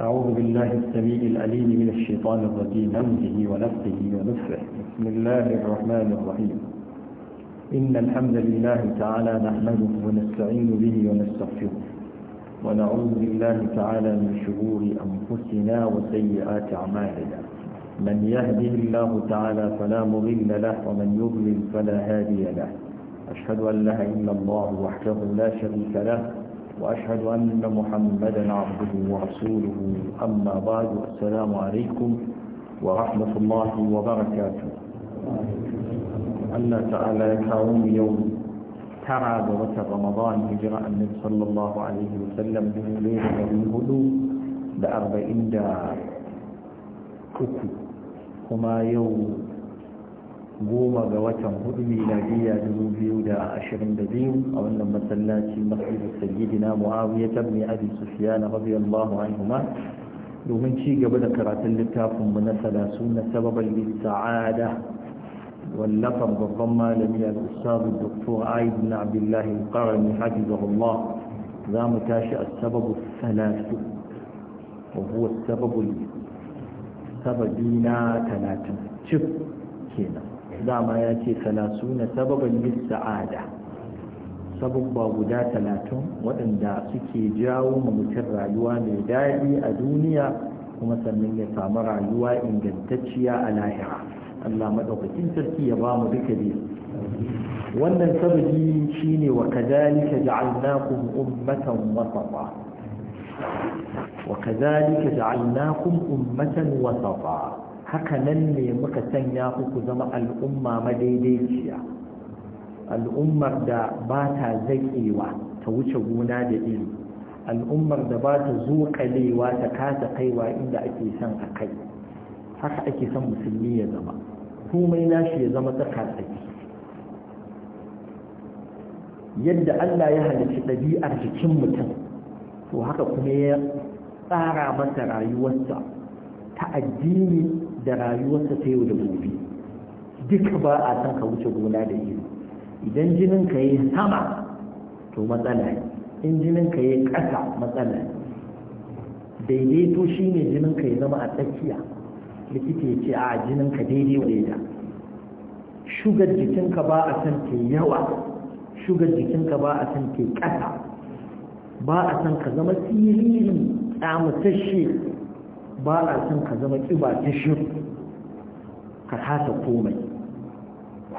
أعوذ بالله السميع العليم من الشيطان الرجيم همزه ونفسه ونفسه بسم الله الرحمن الرحيم إن الحمد لله تعالى نحمده ونستعين به ونستغفره ونعوذ بالله تعالى من شرور أنفسنا وسيئات أعمالنا من يهده الله تعالى فلا مضل له ومن يضلل فلا هادي له أشهد أن لا إله إلا الله وحده لا شريك له وأشهد أن محمدا عبده ورسوله أما بعد السلام عليكم ورحمة الله وبركاته أن تعالى يكرم يوم ترى بوت رمضان هجرة النبي صلى الله عليه وسلم به ليلة من لأربعين دار كتب كما يوم goma ga watan hudu miladiya dubu biyu da ashirin da biyu a wannan masallaci masjidu sayyidina muawiya tabni abi sufyan radiyallahu anhuma domin ci gaba da karatun littafin mu na salasu na sababal sa'ada wallafar babban malami al-ustadu dr aid bin abdullahi al-qarni za mu tashi a sababu salasu wa huwa as sababina talatin cif kenan dama ya ce talasu na sababan yin sa'ada sababba guda talatin waɗanda suke jawo ma mutum rayuwa mai daɗi a duniya kuma sannan ya samu rayuwa ingantacciya a lahira Allah maɗaukakin sarki ya ba mu duka biyu wannan sababi shine wa kadhalika ja'alnakum ummatan wasata wa kadhalika ja'alnakum ummatan wasata haka nan ne muka sanya ku zama al'umma madaidaiciya al'ummar da ba ta zaƙewa ta wuce gona da iri al'ummar da ba ta zuƙalewa ta kasa kaiwa inda ake son a kai haka ake son musulmi ya zama komai nashi ya zama tsaka yadda allah ya halarci ɗabi'ar jikin mutum to haka kuma ya tsara masa rayuwarsa ta addini da rayuwarsa ta yau da gobe duk ba a san ka wuce gona da iri idan jinin ka yi sama to matsala ne in jinin ka yi ƙasa matsala ne daidaito ne jinin ka yi zama a tsakiya likita ya ce a jinin ka daidai wa daida shugar jikinka ba a san ke yawa shugar jikinka ba a san ke ƙasa ba a san ka zama siriri tsamutashe ba a son ka zama ƙiba ta shiru ka kasa komai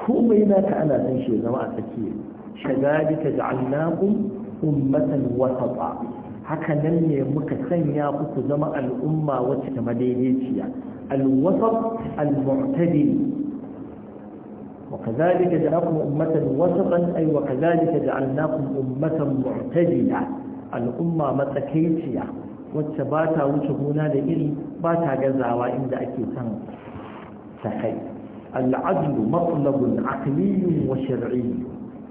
komai na ka ana son shi zama a tsakiya shagalika ja'alnakum ummatan wasata haka nan ne muka sanya ku zama al'umma wacce ta madaidaiciya al-wasat al-mu'tadil وكذلك جعلناكم أمة وسطا أي وكذلك جعلناكم أمة معتدلة الأمة متكيتية wacce ba ta wuce gona da iri ba ta gazawa inda ake son ta kai al'adlu matsalabun akliyun wa shari'i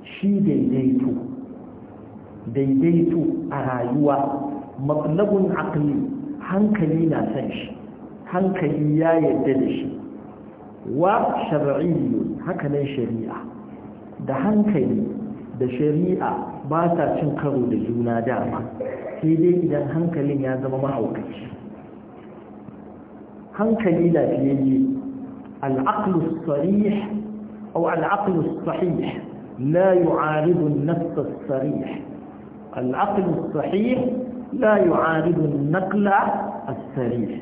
shi daidaito daidaito a rayuwa matsalabun akli hankali na san shi hankali ya yarda da shi wa shari'i hakanan shari'a da hankali da shari'a ba ta cin karo da juna dama sai dai idan hankalin ya zama mahaukaci hankali lafiyayye al'aqlu sarih aw al'aqlu sahih la yu'aridu an-nafs as-sarih al'aqlu sahih la yu'aridu an-naqla as-sarih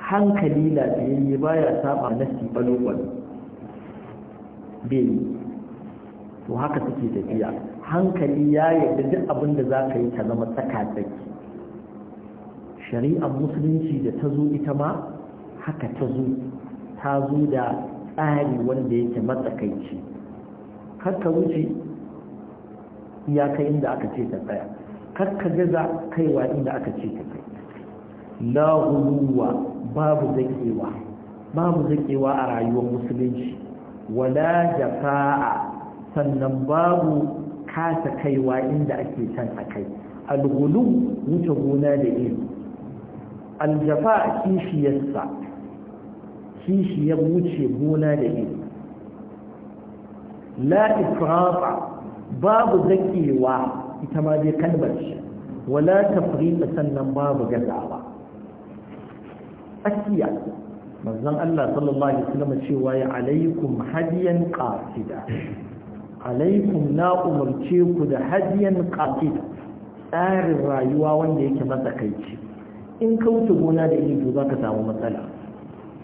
hankali lafiyayye baya saba nafsi balwal bai to haka take tafiya hankali ya yarda duk abin da za ka yi ta zama tsaka shari'ar musulunci da ta zo ita ma haka ta zo ta zo da tsari wanda yake matsakaici ka wuce kai inda aka ce ta tsaya karka gaza kaiwa inda aka ce ta kai la huluwa babu zakewa babu zakewa a rayuwar musulunci wala jafa'a sannan babu kasa kaiwa inda ake can a kai algulu wuce gona da iri aljafa kishiyarsa kishiyar wuce gona da iri la babu zakewa ita ma dai kalmar shi wala tafriqa sannan babu gazawa akiya manzon Allah sallallahu alaihi wasallam cewa ya alaikum hadiyan qasida alaikum na umarce ku da hadiyan qasid tsarin rayuwa wanda yake matsakaici in ka wuce gona da ilimi za ka samu matsala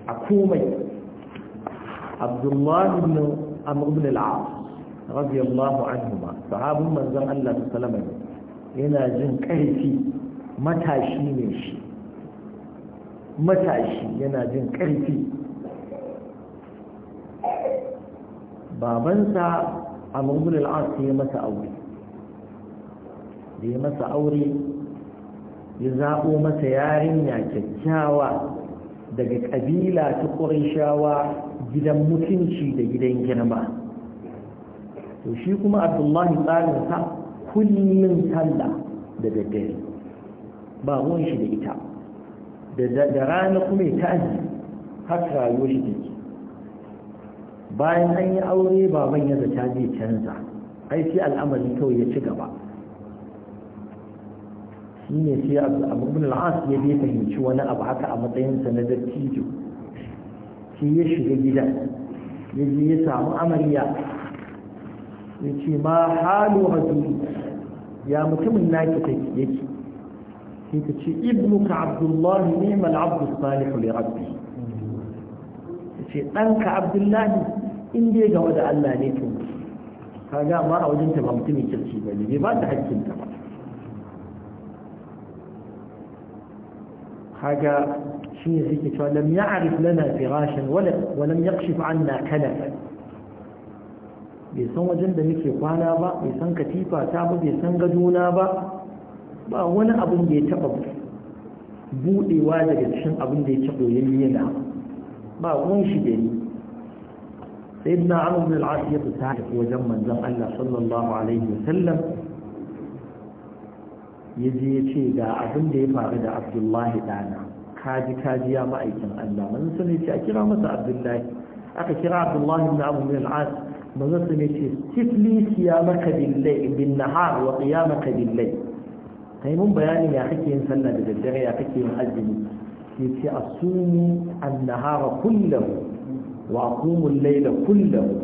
a komai abdullahi ibn amr ibn al-as radiyallahu anhuma sahabin manzon Allah sallallahu alaihi yana jin karfi matashi ne shi matashi yana jin karfi babansa amur bin ya masa aure da ya masa aure ya zaɓo masa yarinya kyakkyawa daga ƙabila ta ƙurashawa gidan mutunci da gidan girma to shi kuma abdullahi tsarinsa kullum sallah da daddare ba ruwan shi da ita da rana kuma ya ta'azi haka rayuwar shi take bayan an yi aure baban ya zata je canza ai sai al'amari kawai ya ci gaba shi ne sai abubuwan al'as ya bai fahimci wani abu haka a matsayinsa na dattijo shi ya shiga gidan ya je ya samu amarya ya ce ma halu hazuri ya mutumin naki take yake sai ta ce ibnuka abdullahi ne mal abdu salihu li rabbi ce ɗanka abdullahi in dai game da Allah ne to kaga amma a wajen ta ba mutumin kirki ba ne bai ba ta hakkin ta ba kaga shi ne suke cewa lam ya'rif lana firashan wala walam yakshif anna kalafa bai san wajen da muke kwana ba bai san katifa ta ba bai san gadona ba ba wani abin da ya taba budewa daga cikin abin da ya taɓa yin yana ba da ni سيدنا عمر بن العاص يتعرف وجمع جمع الله صلى الله عليه وسلم يجي يشي دا عبد ديفا غدا عبد الله دانا كاجي كاجي يا مأيك الله من سنة يشي أكرا مسا عبد الله أخي كرا عبد الله بن عمر بن العاص من سنة يشي تفلي سيامك بالليل بالنهار وقيامك بالليل هاي من بياني يا حكي انسلنا بالدغي يا حكي محجمي يجي أصومي النهار كله wa aqumul layla kullahu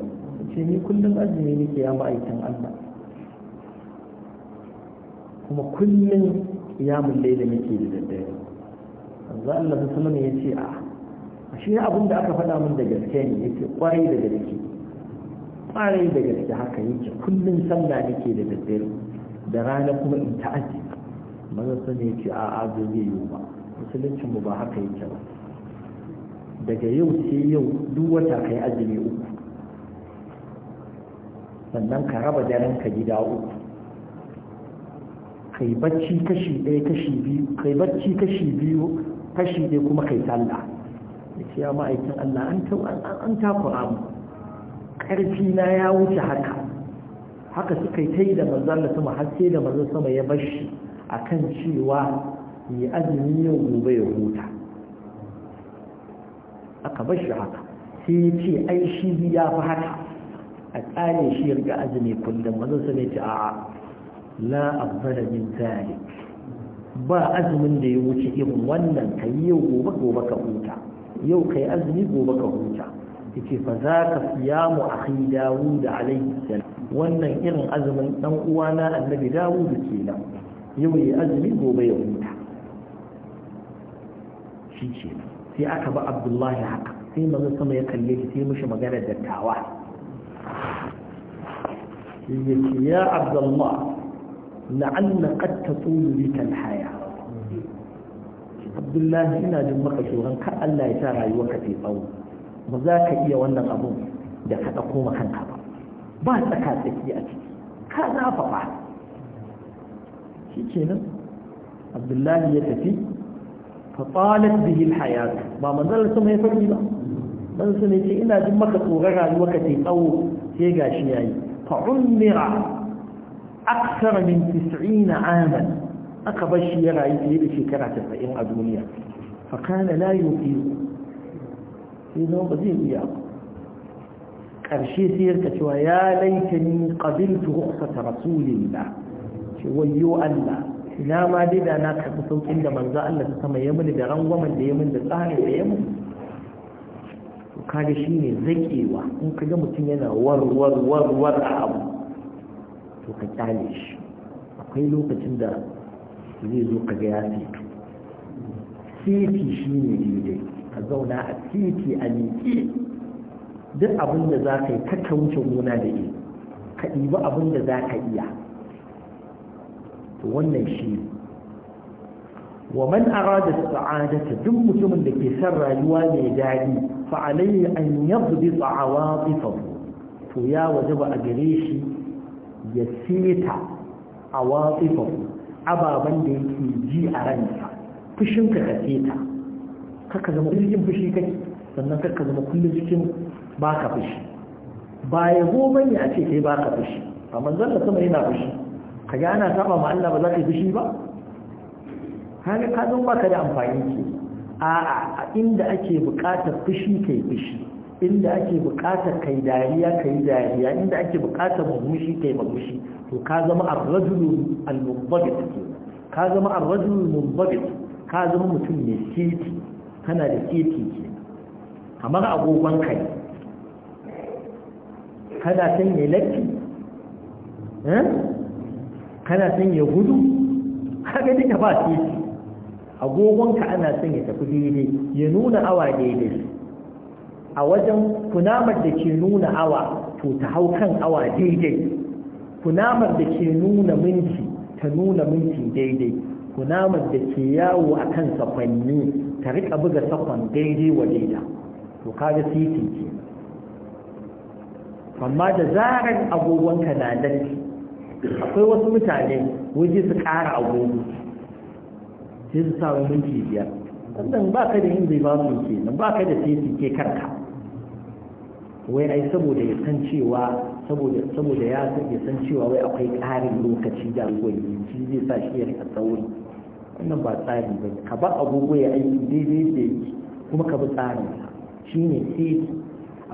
ce ni kullum azumi nake ya ma'aikin Allah kuma kullum mun layla nake da daddare manzo Allah sallallahu sunan ya ce a shi abin da aka faɗa min da gaske ne yake kwarai da gaske kwarai da gaske haka yake kullum sallah nake da daddare da rana kuma in ta'aji mazan sallallahu ya ce a a zai yi ba musulunci mu ba haka yake ba daga yau sai yau duk wata kai azumi uku sannan ka raba daren ka gida uku kai bacci kashi ɗaya kashi biyu kai bacci kashi biyu kashi ɗaya kuma kai sallah ya ce ma'aikin Allah an takura mu ƙarfi na ya wuce haka haka suka yi ta yi da manzan da sama har sai da manzan sama ya bashi A kan cewa yi azumi yau gobe ya huta aka bar shi haka sai ya ce ai shi ya fi haka a tsarin shi yarga azumi kullum mazan su ne ce a'a la abbara min zalik ba azumin da ya wuce irin wannan ka yi yau gobe gobe ka huta yau kai azumi gobe ka huta yake fa za ka siya siyamu akhi dawud alayhi salam wannan irin azumin dan uwana annabi dawud kenan yau ya azumi gobe ya huta shi kenan sai aka ba abdullahi haka sai manzo sama ya kalle shi sai mishi magana dattawa Yake ya abdullah la'anna qad tatulu bika alhaya abdullahi ina jin maka tsoron kar Allah ya sa rayuwarka ta tsawo ba za ka iya wannan abun da ka dauko ma kanka ba ba tsaka tsaki a ciki ka zafa ba shikenan abdullahi ya tafi fa talat bihi alhayat ba manzon sun mai fadi ba dan sun ce ina jin maka tsoron rayuwa ka tai tsawo sai gashi yayi fa umira akthar min 90 aman aka bar shi ya rayu fiye da shekara 90 a duniya fa kana la yuqiru sai zama ba zai iya karshe ƙarshe sai yarka cewa ya laita ni ƙabiltu rukhsata rasulillah ce wayyo Allah ina ma dai da na karɓi saukin da manzo Allah ta sama ya mini da rangwamen da ya mini da tsarin da ya mini kaga shi ne zakewa in ka ga mutum yana war-war-war a abu to ka kyale shi akwai lokacin da zai zo ka ga ya fito titi shi ne daidai ka zauna a titi a liƙe duk abin da za ka yi ka wuce gona da ke ka ɗibi abin da za ka iya to wannan shi wa man arada sa'adata duk mutumin da ke san rayuwa mai daɗi fa alayhi an yabdi awatifahu to ya wajaba a gare shi ya seta awatifahu ababan da yake ji a ransa fushinka ka seta kaka zama cikin fushi kai sannan kaka zama kullum cikin baka ba ya a ce kai baka sama yana ka ga ana saba ma Allah ba za ka yi fushi ba kaga ka zo baka da amfani ke a'a inda ake buƙatar fushi kai fushi inda ake buƙatar kai dariya kai dariya inda ake buƙatar ka kai murmushi to ka zama ar-rajulu al ke, ka zama ar-rajulu al ka zama mutum mai siti kana da siti ke kamar agogon kai kada san ne latti eh kana son ya gudu kaga duka ba titi agogonka ana son ya tafi daidai ya nuna awa daidai a wajen kunamar da ke nuna awa to ta hau kan awa daidai kunamar da ke nuna minti ta nuna minti daidai kunamar da ke yawo a kan safanni ta rika buga sakon daidai wa daida to kaga titi ke amma da zarar agogonka na datti. akwai wasu mutane waje su kara agogo sai su samu minti biyar sannan ba ka da yin zai ba su ke nan ba ka da sai su ke karka wai ai saboda ya san cewa saboda saboda ya ya san cewa wai akwai ƙarin lokaci da agogo shi zai sa shi ya rika sauri wannan ba tsari ba ka ba agogo ya aiki daidai da yake kuma ka bi tsarin shi ne sai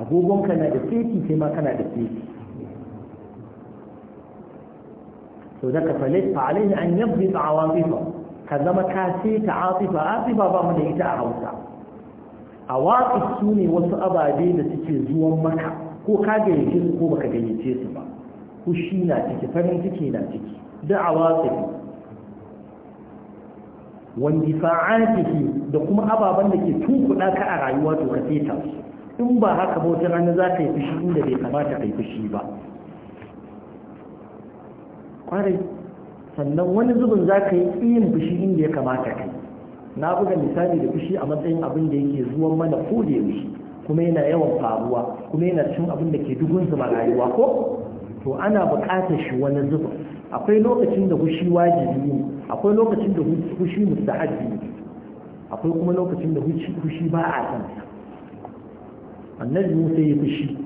agogonka na da seti sai ma kana da sai to daga falis fa alaihi an yabdi a wazifa ka zama ka ce ta atifa atifa ba mu da ita a hausa awafi sune su ne wasu ababe da suke zuwan maka ko ka gayyace su ko baka gayyace su ba fushi na ciki farin ciki na ciki da a waƙi ciki da kuma ababen da ke tunkuɗa ka a rayuwa to ka ta in ba haka ba wata rana za ka yi fushi inda bai kamata ka yi fushi ba kwarai sannan wani zubin za ka yi tsiyin fushi inda ya kamata kai na buga misali da fushi a matsayin abin da yake zuwan mana ko da yaushe kuma yana yawan faruwa kuma yana cin abin da ke dugun zuma rayuwa ko to ana buƙatar shi wani zubin akwai lokacin da fushi wajibi ne akwai lokacin da fushi mustahabbi ne akwai kuma lokacin da fushi ba a san annabi Musa ya fushi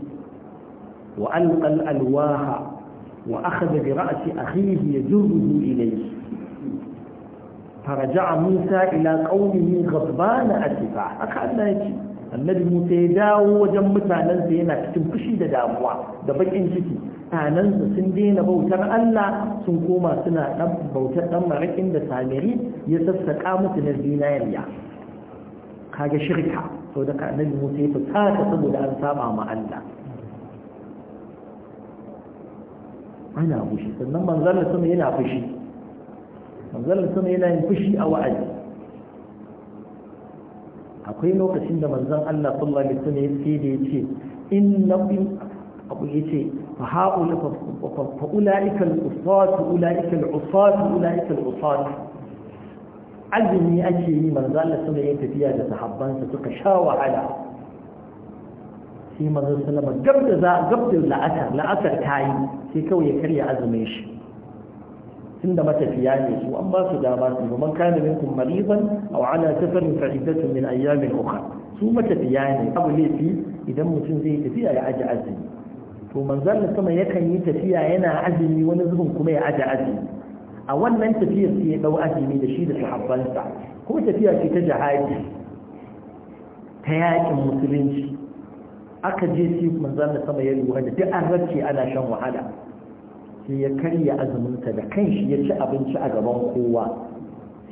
wa alqal alwaha وأخذ برأس أخيه يجره إليه فرجع موسى إلى قومه غضبان أسفا أخذنا يجي النبي موسى يداو وجمتا عنانسا ينكتم كشيد داموا دبك إنشتي عنانسا سندين بوتر ألا سنقوما سنة بوتر أمرك إن سامري يسسك آمت نزينا kaga هذا شركة فهذا النبي موسى ya fita ta saboda an saba ma Allah ana bushe, sannan manzon sama yana fushi manzon sama yana yin fushi a wa'azi akwai lokacin da manzon Allah sallallahu alaihi wasallam ce, da yace innakum abu yace fa haula fa ulaika al-usat ulaika al-usat ulaika al-usat azumi ake yi manzon Allah sallallahu alaihi wasallam ya tafiya da sahabbansa suka sha wahala sai manzon sallama gab da za gab da la'asar la'asar ta yi sai kawai ya karya azumin shi da matafiya ne su an ba su dama su ba man kana minkum mariban aw ala safarin fa iddatun min ayyamin ukhra su matafiya ne abu laifi idan mutum zai tafiya ya aji azumi to manzon sama yakan yi tafiya yana azumi wani zubin kuma ya aji azumi a wannan tafiyar sai ya dau azumi da shi da sahabbansa kuma tafiya ce ta jihadi ta yakin musulunci aka je shi manzon da sama ya lura da duk an ana shan wahala sai ya karya azuminsa da kanshi ya ci abinci a gaban kowa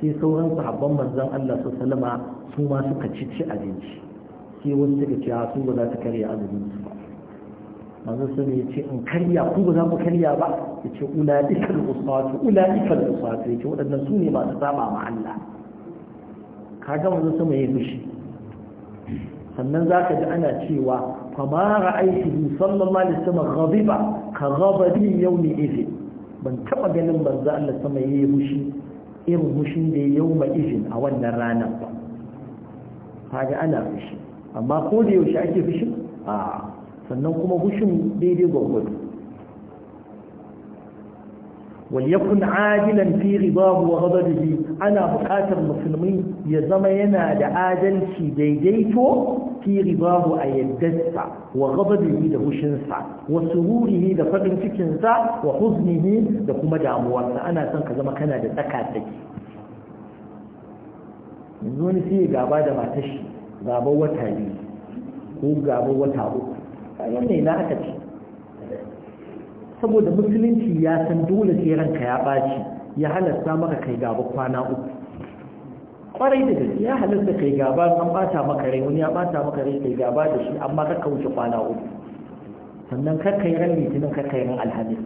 sai sauran sahabban manzon Allah su salama su ma suka ci ci abinci sai wasu suka ce ah, su ba za su karya azumin su ba manzon sama ya ce in karya ku ba za ku karya ba ya ce ula'ikal usatu ula'ikal usatu ya ce waɗannan su ne masu saba ma Allah kaga manzon sama ya fushi sannan za ka ji ana cewa kamara ra'aiki sallallahu alaihi wasallam ghadiba ka ghadabin yawmi izin, ban taba ganin manzo Allah sama yayi mushi irin mushin da yayi yawma a wannan ranar ba kaga ana fushi amma ko da yaushe ake fushi a sannan kuma hushin daidai gwagwado waliyakun ajinan firi babu wa gadabihi ana buƙatar musulmi ya zama yana da adalci daidaito firi babu a yaddarsa wa gadabihi da hushinsa wa sururihi da farin cikinsa wa huznihi da kuma damuwarsa ana son ka zama kana da tsakatsaki yanzu wani sai gaba da matashi gaba wata biyu ko gaba wata uku a yanayi na aka ce saboda musulunci ya san dole sai ranka ya ɓaci ya halasta maka kai gaba kwana uku kwarai da gaske ya halasta kai gaba an ɓata maka rai wani ya ɓata maka rai kai gaba da shi amma ka wuce kwana uku sannan ka yi ran litinin ka yi ran alhamis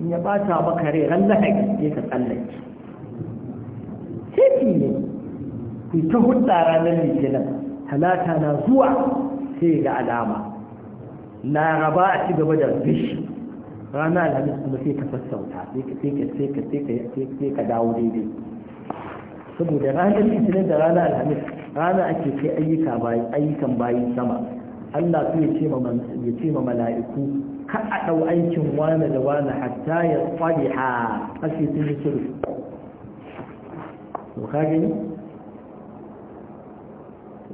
in ya ɓata maka rai ran lahadi sai ka tsallake sai ne ku ta hudda ranar litinin talata na zuwa sai ga alama laraba a ci gaba da bishi فما لها مثل فيك فسوتها فيك فيك فيك فيك فيك فيك داوري دي سبو ده غانا اللي سنين ده غانا لها مثل أكي في أي كباي أي كباي سما الله في يتيم من يتيم ملائكو كأو أي كموانا دوانا حتى يطلحا أكي سنين سلو وخاجي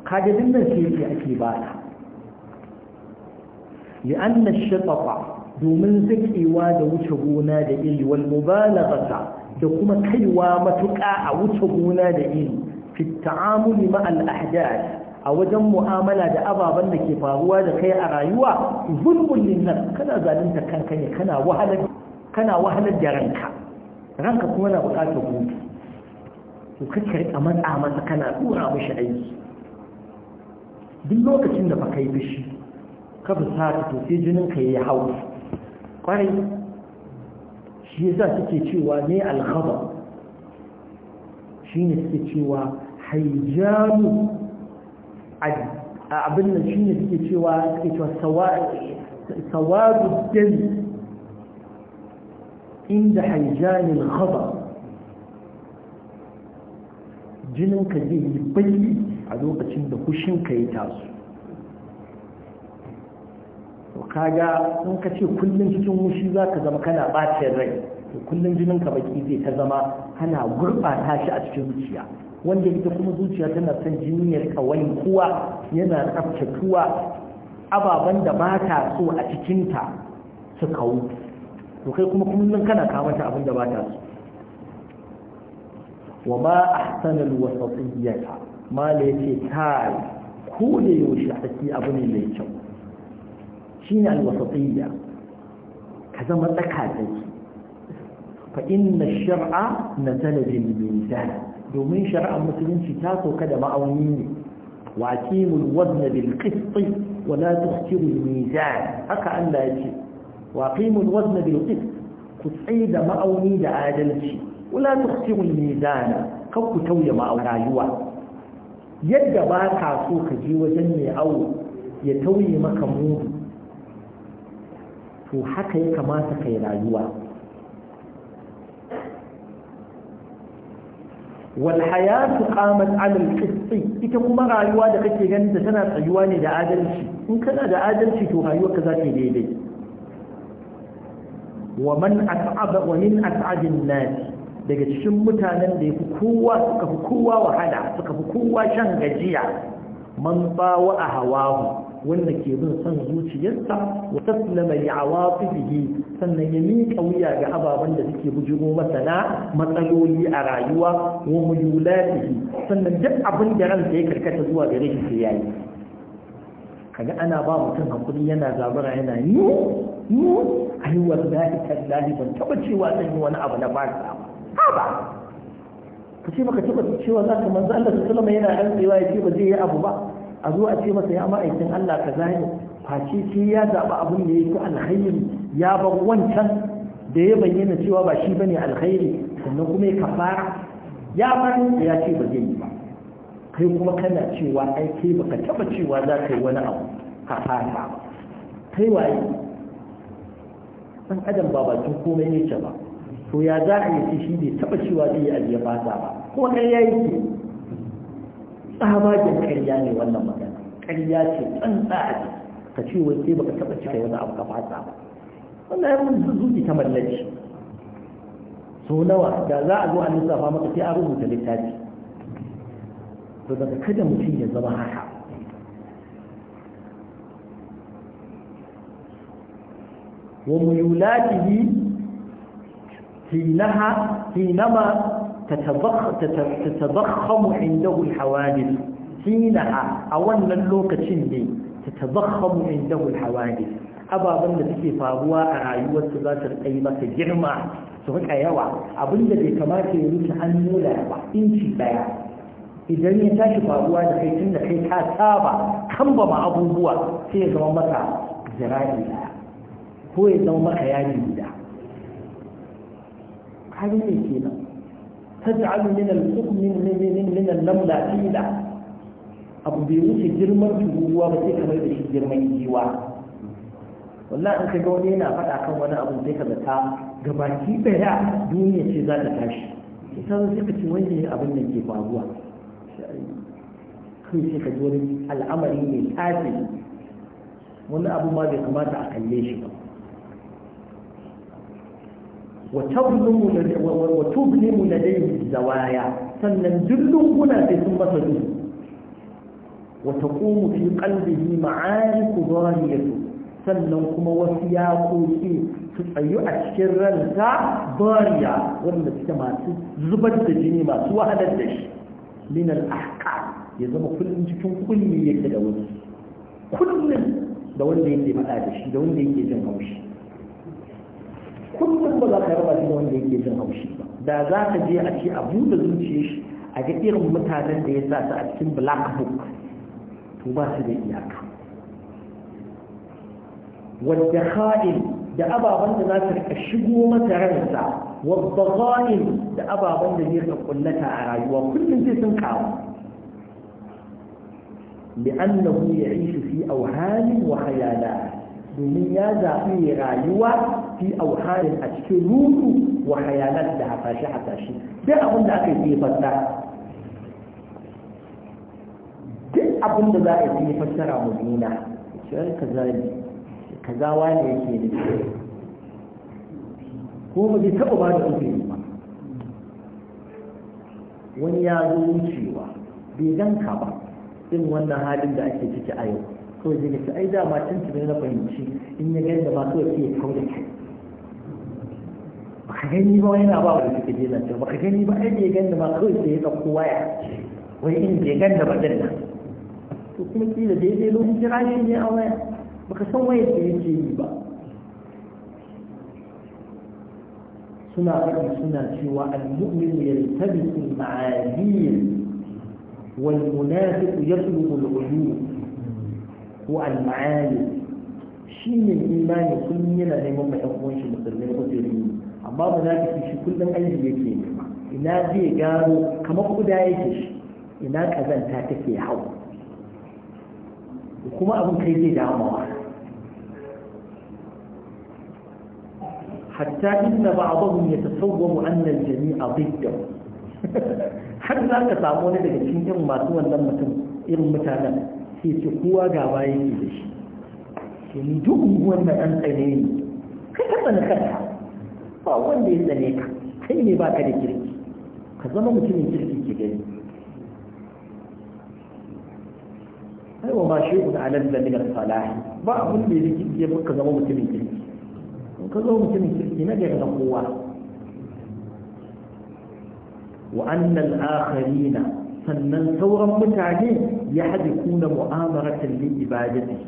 خاجي دمنا سيكي أكي بارا لأن الشطط domin zakewa da wuce gona da iri wal mubalaghata da kuma kaiwa matuƙa a wuce gona da iri fi ta'amuli ma al ahdath a wajen mu'amala da ababen da ke faruwa da kai a rayuwa zulmun linnas kana zalunta kanka ne kana wahalar kana wahalar da ranka ranka kuma na buƙatar hutu to kake rika matsa masa kana dora mishi aiki duk lokacin da fa kai bishi ka fusata to sai jinin ka yayi hausa kwarai shi yasa suke cewa ne alkhabar shi ne suke cewa haijanu abin nan shi ne suke cewa suke cewa sawadu dami inda haijamin haba jininka zai yi baki a lokacin da hushinka ya taso to kaga in ka ce kullum cikin wushi za ka zama kana bace rai to kullum jinin ka baki zai ta zama kana gurɓata shi a cikin zuciya wanda ita kuma zuciya tana son jini ya rika kuwa yana kuwa ababen da ba ta so a cikinta su kawo to kai kuma kullum kana kamata abin da ba ta so wa ma ahsanal ya ce yace ta ko da yaushe haki abu ne mai kyau shine alwasatiyya ka zama tsakatsaki fa inna shar'a nazala bil mizan domin shari'ar musulunci ta soka da ma'auni ne wa aqimul wazna bil qist wa la tuhtiru mizan haka Allah ya ce wa aqimul wazna bil qist ku tsaye da ma'auni da adalci wa la tuhtiru mizan kan ku tauye ma'auni rayuwa yadda ba ka so ka je wajen mai awo ya tauye maka mudu to haka ya kamata yi rayuwa wal hayatu qamat ala ita kuma rayuwa da kake ganin tana tsayuwa ne da adalci in kana da adalci to rayuwarka za ta daidai wa man at'aba wa min nas daga cikin mutanen da yafi kowa suka fi kowa wahala suka fi kowa shan gajiya man bawa a hawahu wanda ke bin son zuciyarsa wa taslama li awatihi sannan ya miƙa wuya ga ababen da suke bujiro masa na matsaloli a rayuwa wa muyulatihi sannan duk abin da ransa ya karkata zuwa gare shi sai yayi kaga ana ba mutum hakuri yana zabura yana ni ni ai wallahi tallahi ban taba cewa zan yi wani abu na ba ka ba ka ce maka taba cewa za ka manzo Allah sallallahu alaihi wasallam yana rantsewa ya ce ba zai yi abu ba a zo a ce masa ya ma'aikin Allah ka zai face shi ya zaɓi abin da ya fi alkhairi ya bar wancan da ya bayyana cewa ba shi bane alkhairi sannan kuma ya kafara ya bar ya ce ba zai yi ba kai kuma kana cewa ai kai baka taba cewa za ka yi wani abu kafara ba kai waye ɗan adam ba bakin komai ne ce ba to ya za a yi shi ne taba cewa zai yi ajiye fata ba ko kai ya yi tsabagen karya ne wannan magana karya ce tsantsa a ji ka ce wai sai baka taɓa cika wani abu ka fasa ba wannan ya rubuta ki ta mallaci so nawa da za a zo a lissafa maka sai a rubuta littafi to daga kada mutum ya zama haka wa muyulatihi hinaha hinama تتضخم عنده الحوادث a wannan lokacin شندي تتضخم عنده الحوادث ababen da suke faruwa a rayuwarsu za su rika girma su rika yawa abin da bai kamata ya wuce an nuna ba inci daya idan ya tashi faruwa da kai tun da kai ka saba kan abubuwa sai ya zama maka zira'i daya ko ya zama maka yaji guda hali ne kenan تجعل من الحكم من من من النملة فيلا abu bai wuce girman turuwa ba sai kamar da shi girman giwa wallahi in ka ga wani yana faɗa kan wani abu sai ka zata gabaki ɗaya duniya ce za ta tashi ita zai ka ce wani abin da ke faruwa kai sai ka ji wani al'amari ne tashi wani abu ma bai kamata a kalle shi ba wa tubnimu dai zawaya sannan duk kuna sai sun masa duhu wa taqumu fi qalbihi ma'arik dhariyatu sannan kuma wasu yaƙoƙi su tsayu a cikin ranta bariya wanda suke masu zubar da jini masu wahalar da shi linar ahka ya zama kullum cikin kulli yake da wani kullum da wanda yake faɗa da shi da wanda yake jin haushi kullum ba za ka raba shi da wanda yake jin haushi ba da za ka je a ce a buɗe zuciyar shi a ga irin mutanen da ya sa su a cikin black book to ba su da iyaka wadda ha'in da ababen da za su rika shigo mata ransa wadda ha'in da ababen da zai rika kullata a rayuwa kullum sai sun kawo لأنه يعيش في أوهام وخيالات domin ya zaɓi rayuwa fi auharin a cikin ruhu wa hayalat da hasashe hasashe duk abin da aka yi fassara duk abin da za a yi fassara mu juna sai kaza ne kaza wani yake ko mu zai taɓa ba da uzuri ba wani ya zo wucewa bai ganka ba in wannan halin da ake ciki a yau kawai zai ga ai da matan ne na fahimci in ya gani da ba kawai ke kawo da kai baka gani ba yana ba wani suke je zance baka gani ba ai bai ganda ba kawai sai ya ɗauko waya wai in bai ganda ba din nan to kuma kila daidai lokacin rashi ne a waya baka san wayar da yake yi ba suna faɗi suna cewa al-mu'min yaltabisu al-ma'adil wal munafiq yatlubu al-ghuyub wa al-ma'ali shine imani kun yana neman mai ɗan uwan shi musulmi ko jirgin amma ba za ka fi shi kullum aiki yake nema ina zai gano kamar kuda yake shi ina kazanta take hau kuma abin kai zai damuwa hatta inna ba'dahum yatasawwamu anna jami jamia ضده har za ka samu wani daga cikin irin masu wannan mutum irin mutanen sai ce kowa gaba yake da shi ni duk unguwan an tsane kai ka ba wanda ya tsane ka kai ne ba ka da kirki ka zama mutumin kirki ke gani ai wa ma alal da dhalika salahi ba abun da yake ya ka zama mutumin kirki In ka zama mutumin kirki na gari kowa wa annal akharina sannan sauran mutane ya haɗe kuna mu'amaratan li ibadatihi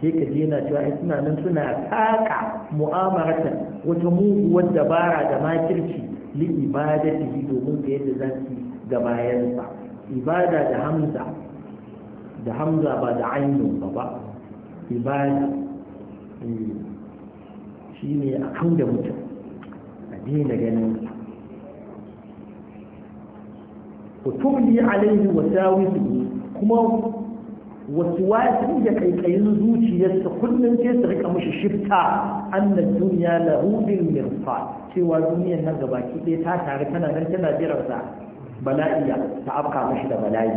sai ka je na cewa suna nan suna taka mu'amaratan wata muguwar dabara da makirci li ibadatihi domin ga yadda za su ga bayansa ibada da hamza da hamza ba da ainihin ba ba ibada eh, shi ne a kan da mutum a daina ganin ku tubli alaihi wasawisu kuma waswasin ya kaikayin zuciyarsa kullum sai su rika mushi shifta annad duniya lahu rubin mirfa cewa duniyar nan gabaki ɗaya ta tare tana nan tana jiran bala'i bala'iya ta afka mushi da bala'i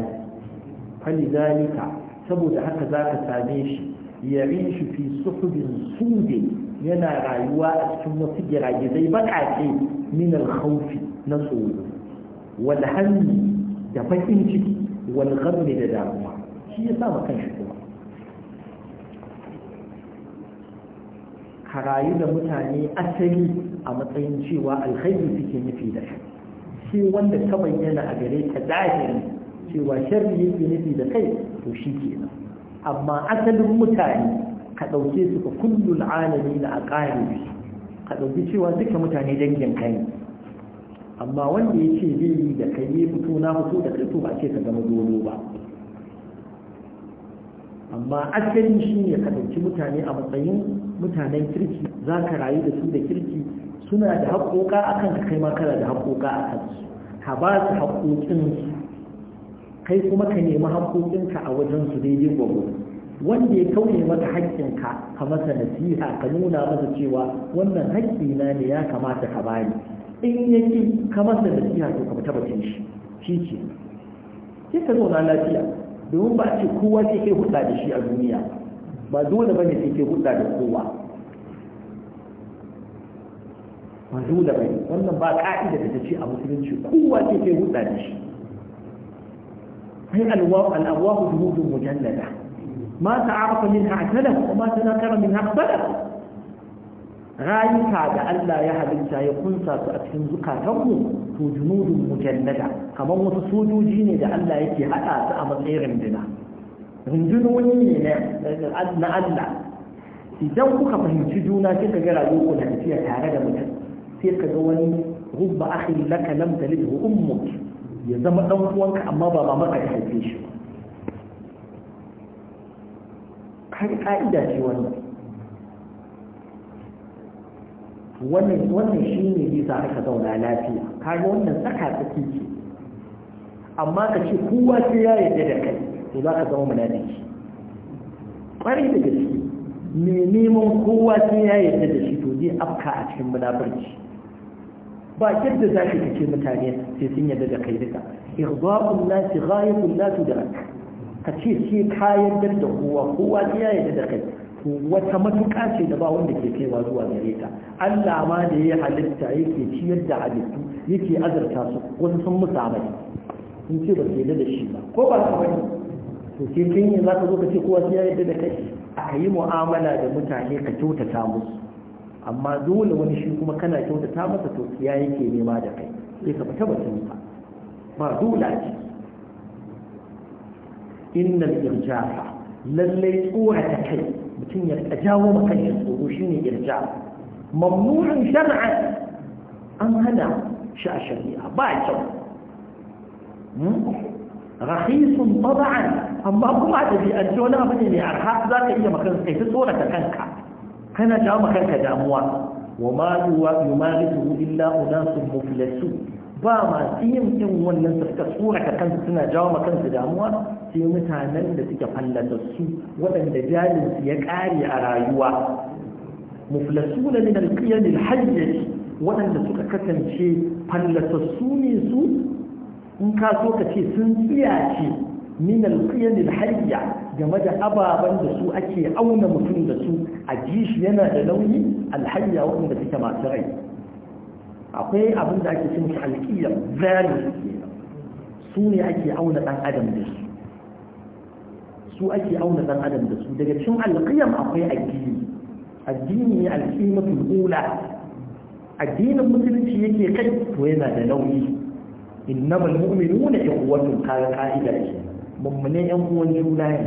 fali zalika saboda haka ka same shi ya shi fi suhubin sude yana rayuwa a cikin wasu giragizai baƙaƙe min alkhawfi na tsoro wal da bakin ciki wal da damuwa shi ya sa kan kanshi kuma ka rayu da mutane asali a matsayin cewa alkhairi suke nufi da shi shi wanda ta bayyana a gare ta zahiri cewa sharri yake nufi da kai to shi kenan amma asalin mutane ka ɗauke su ka kullul alami na a ƙari ka ɗauki cewa duka mutane dangin kai amma wanda ya ce zai yi da kai ya fito na fito da kai to ba ce ka zama dolo ba amma asali shi ne ka mutane a matsayin mutanen kirki za ka rayu da su da kirki suna da haƙoƙa a kan ka kai makara da haƙoƙa a kan su ka ba su haƙoƙinsu kai kuma ka nemi haƙoƙinka a wajen su daidai gwagwaro wanda ya kauye maka haƙƙinka ka masa nasiha ka nuna masa cewa wannan na ne ya kamata ka bani in yake ka masa nasiha to ka fita shi shi ce sai ka zauna lafiya domin ba ce kowa sai kai hudda da shi a duniya ba dole bane sai ke hudda da kowa ba dole ne wannan ba ka'ida da ta ce a musulunci kowa sai kai hudda da shi هي الأرواح الأرواح جنود مجندة ما تعرف منها kuma وما تنكر منها اختلف rayuka da Allah ya halitta ya kunsa su a cikin zukatanmu to junudun mujallada kamar wasu sojoji ne da Allah yake haɗa su a matsayin runduna rundunoni ne na Allah idan kuka fahimci juna kika ka ga rayuwar na tare da mutum sai ka ga wani rubba akhi laka lam talidhu ummuk ya zama dan uwanka amma ba ba maka haife shi kai ka'ida ce wannan wannan wannan shine bisa aka zauna lafiya kaga wannan saka tsaki ce amma ka ce kowa sai ya yarda da kai to za ka zama munafiki kwarai da gaske me neman kowa sai ya yarda da shi to zai afka a cikin munafurci ba yadda za ka kace mutane sai sun yarda da kai duka irda'un nasi ghayatul la tudrak ka ce sai ka yarda da kowa kowa sai ya yarda da kai wata matuƙa ce da ba wanda ke kaiwa zuwa gare ta Allah ma da ya halitta yake ciyar da halittu yake azurta su wasu sun musa mai sun ce ba ke da shi ba ko ba ka wani to ke kin yi za ka zo ka ce kowa sai ya yarda da kai a yi mu'amala da mutane ka kyautata musu amma dole wani shi kuma kana kyautata masa to ya yake nema da kai sai ka fita batun ba ba dole ce innal irjafa lallai ta kai mutum ya jawo maka ya tsoro shi ne irja mamnu'in shar'a an hana shi a shari'a ba kyau hmm? rahisun taba'an amma kuma da bi an wani abu ne mai arha za ka iya makan kai ta tsorata kanka kana jawo makanka damuwa wa ma yuwa yumalisu illa unasun muflasu ba masu yin yin wannan suka tsoraka kansu suna jawo ma kansu damuwa sai mutanen da suke su waɗanda jalinsu ya ƙare a rayuwa muflasuna min alqiyam alhajj waɗanda suka kasance fallatassu ne su in ka so ka ce sun tsiyace min alqiyam alhajj game da ababen da su ake auna mutum da su a jishi yana da nauyi alhayya waɗanda suke masu rai akwai abin da ake cin su alƙiyar zari su ne ake auna ɗan adam da su su ake auna ɗan adam da su daga cin alƙiyar akwai addini addini ne alƙimatul ula addinin musulunci yake kai to yana da nauyi innamal mu'minuna ikhwatun kaga ka'ida ce mummune yan uwan juna ne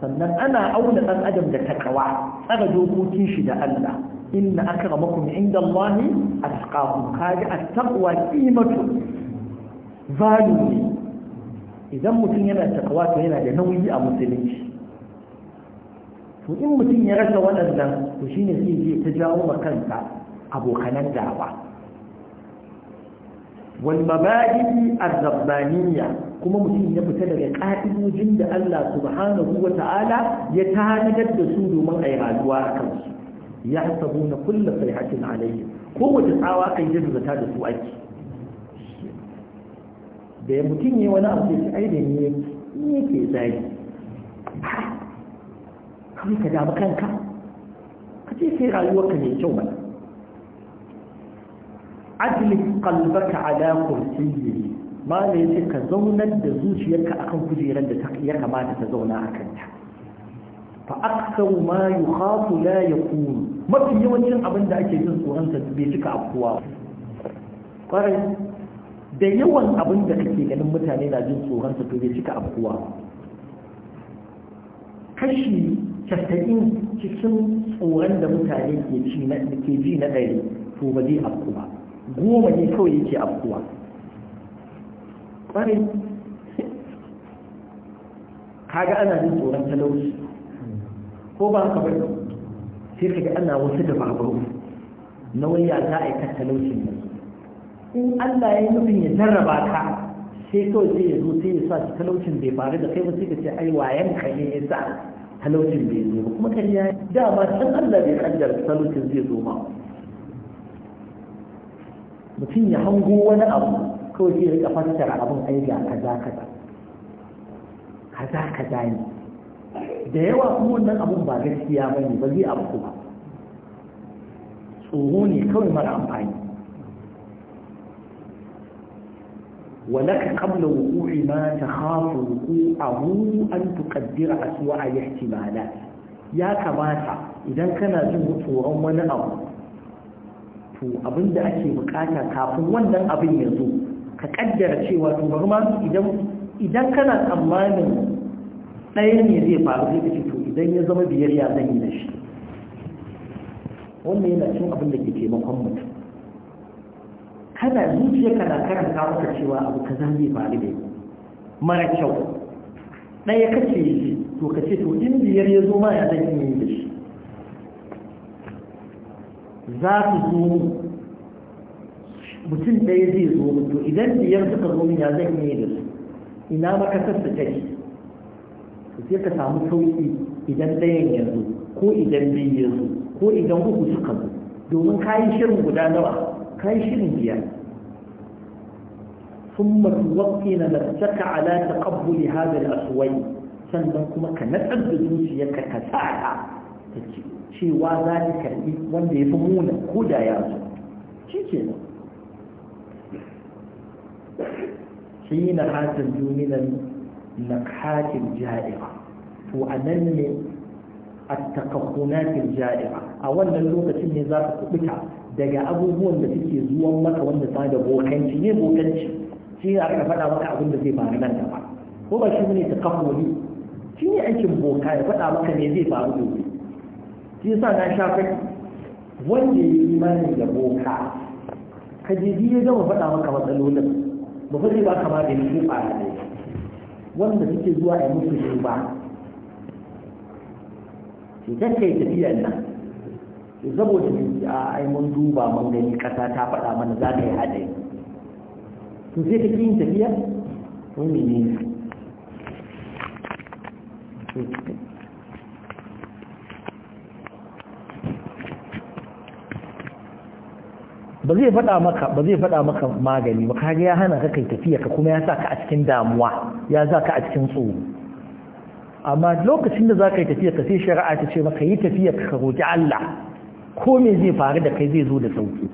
sannan ana auna ɗan adam da takawa tsara dokokin shi da Allah inna akramakum inda Allah atqakum a at kimatu. Valu ne, idan mutum yana taqwa to yana da nauyi a musulunci to in mutum ya rasa waɗannan to shine sai je ta jawo ma kansa abokanan gaba wal a ar kuma mutum ya fita daga ƙa'idojin da Allah subhanahu wa ta'ala ya tanadar da su domin a yi rayuwa a kansu Ya na yahsabuna kullu sayhatin alayhi kowace tsawa kai jin zata da su ake da ya mutum ne wani abu sai ai da ni yake zai kai ka damu kanka ka ce sai rayuwarka ne kyau mana ajli qalbaka ala kursiyyi ma ne ka zaunar da zuciyarka akan kujerar da ya kamata ta zauna a kanta fa aksaru ma yukhafu la yakunu mafi yawancin abin da ake jin tsoron sa bai cika afkuwa kwarai da yawan abin da kake ganin mutane na jin tsoron sa bai cika afkuwa kashi casa'in cikin tsoron da mutane ke ji na ɗari to ba zai afku goma ne kawai yake afkuwa kwarai kaga ana jin tsoron talauci ko ba haka bai sai kaga ana wasu dabaru na waya za a yi nan in Allah ya nufin ya jarraba ka sai kawai sai ya zo sai ya sa talaucin bai faru da kai ba sai ka ce ai wayan ka ne ya sa talaucin bai zo kuma kan ya dama san Allah bai kaddara talaucin zai zo ma mutum ya hango wani abu kawai sai ya rika fassara abin ai ga kaza kaza kaza kaza ne da yawa kuma wannan abun ba gaskiya ba ne ba zai abu ba Tsoho ne kawai mara amfani ولك قبل وقوع an تخاف وقوعه أن a أسوأ الاحتمالات ya kamata idan kana jin tsoron wani abu to abin da ake bukata kafin wannan abin ya zo ka kaddara cewa to bari idan kana tsammanin ɗaya ne zai faru zai kace to idan ya zama biyar ya zan yi da shi wannan yana cin abin da ke taimakon mutum kana zuciya kana karanta maka cewa abu kaza zai faru da mara kyau ɗaya kace shi to kace to in biyar ya zo ma ya zan yi da shi za su zo mutum ɗaya zai zo to idan biyar suka zo min ya zan yi da su ina makasar da take sai ka samu sauki idan ɗayan ya zo ko idan biyu ya zo ko idan uku suka zo domin kayan shirin guda nawa kayan shirin biyar ثم توقن نفسك على تقبل هذا asuwai sannan kuma ka natsar da zuciyarka ka sa ta cewa za ta karbi wanda ya fi muna ko da ya zo shi ke nan shi na hajjar duninan nakatin ja'ira to a nan ne a takakkunatin ja'ira a wannan lokacin ne za ka kubuta daga abubuwan da suke zuwan maka wanda ta da bokanci ne bokanci shi ne aka faɗa maka abin da zai faru nan gaba ko ba shi ne takakkuni shi ne aikin boka ya faɗa maka ne zai faru gobe shi yasa na sha faɗi wanda ya yi da boka ka je ya gama faɗa maka matsalolin ba fa ba ka wanda suke zuwa a musu shi ba shi ta kai tafiyar nan saboda ne a aimun mun duba mangani gani ƙasa ta faɗa mana za ka yi haɗari to sai ta yin tafiya wani ne ba zai faɗa maka ba zai faɗa maka magani ba kaga ya hana ka kai tafiya ka kuma ya sa ka a cikin damuwa ya sa ka a cikin tsoro amma lokacin da za ka yi tafiya ka sai shari'a ta ce maka yi tafiya ka roƙi Allah ko me zai faru da kai zai zo da sauki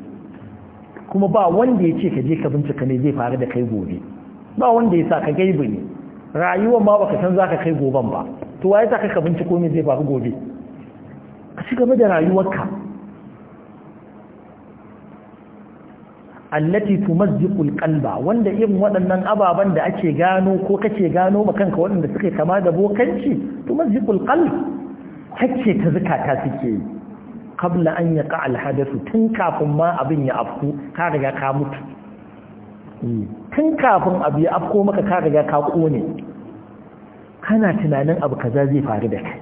kuma ba wanda ya ce ka je ka bincika ne zai faru da kai gobe ba wanda ya sa ka gaibu ne rayuwar ma baka san za ka kai goben ba to waye sa ka ka binciko me zai faru gobe ka ci gaba da rayuwarka allati tumazziqul qalba wanda irin waɗannan ababan da ake gano ko kake gano ma kanka waɗanda suke kama da bokanci tumazziqul qalb hacce ta zakata suke yi qabla an yaqa al hadathu tun kafin ma abin ya afku ka riga ka mutu hmm. tun kafin abu ya afko maka ka riga ka kone kana tunanin abu kaza zai faru da kai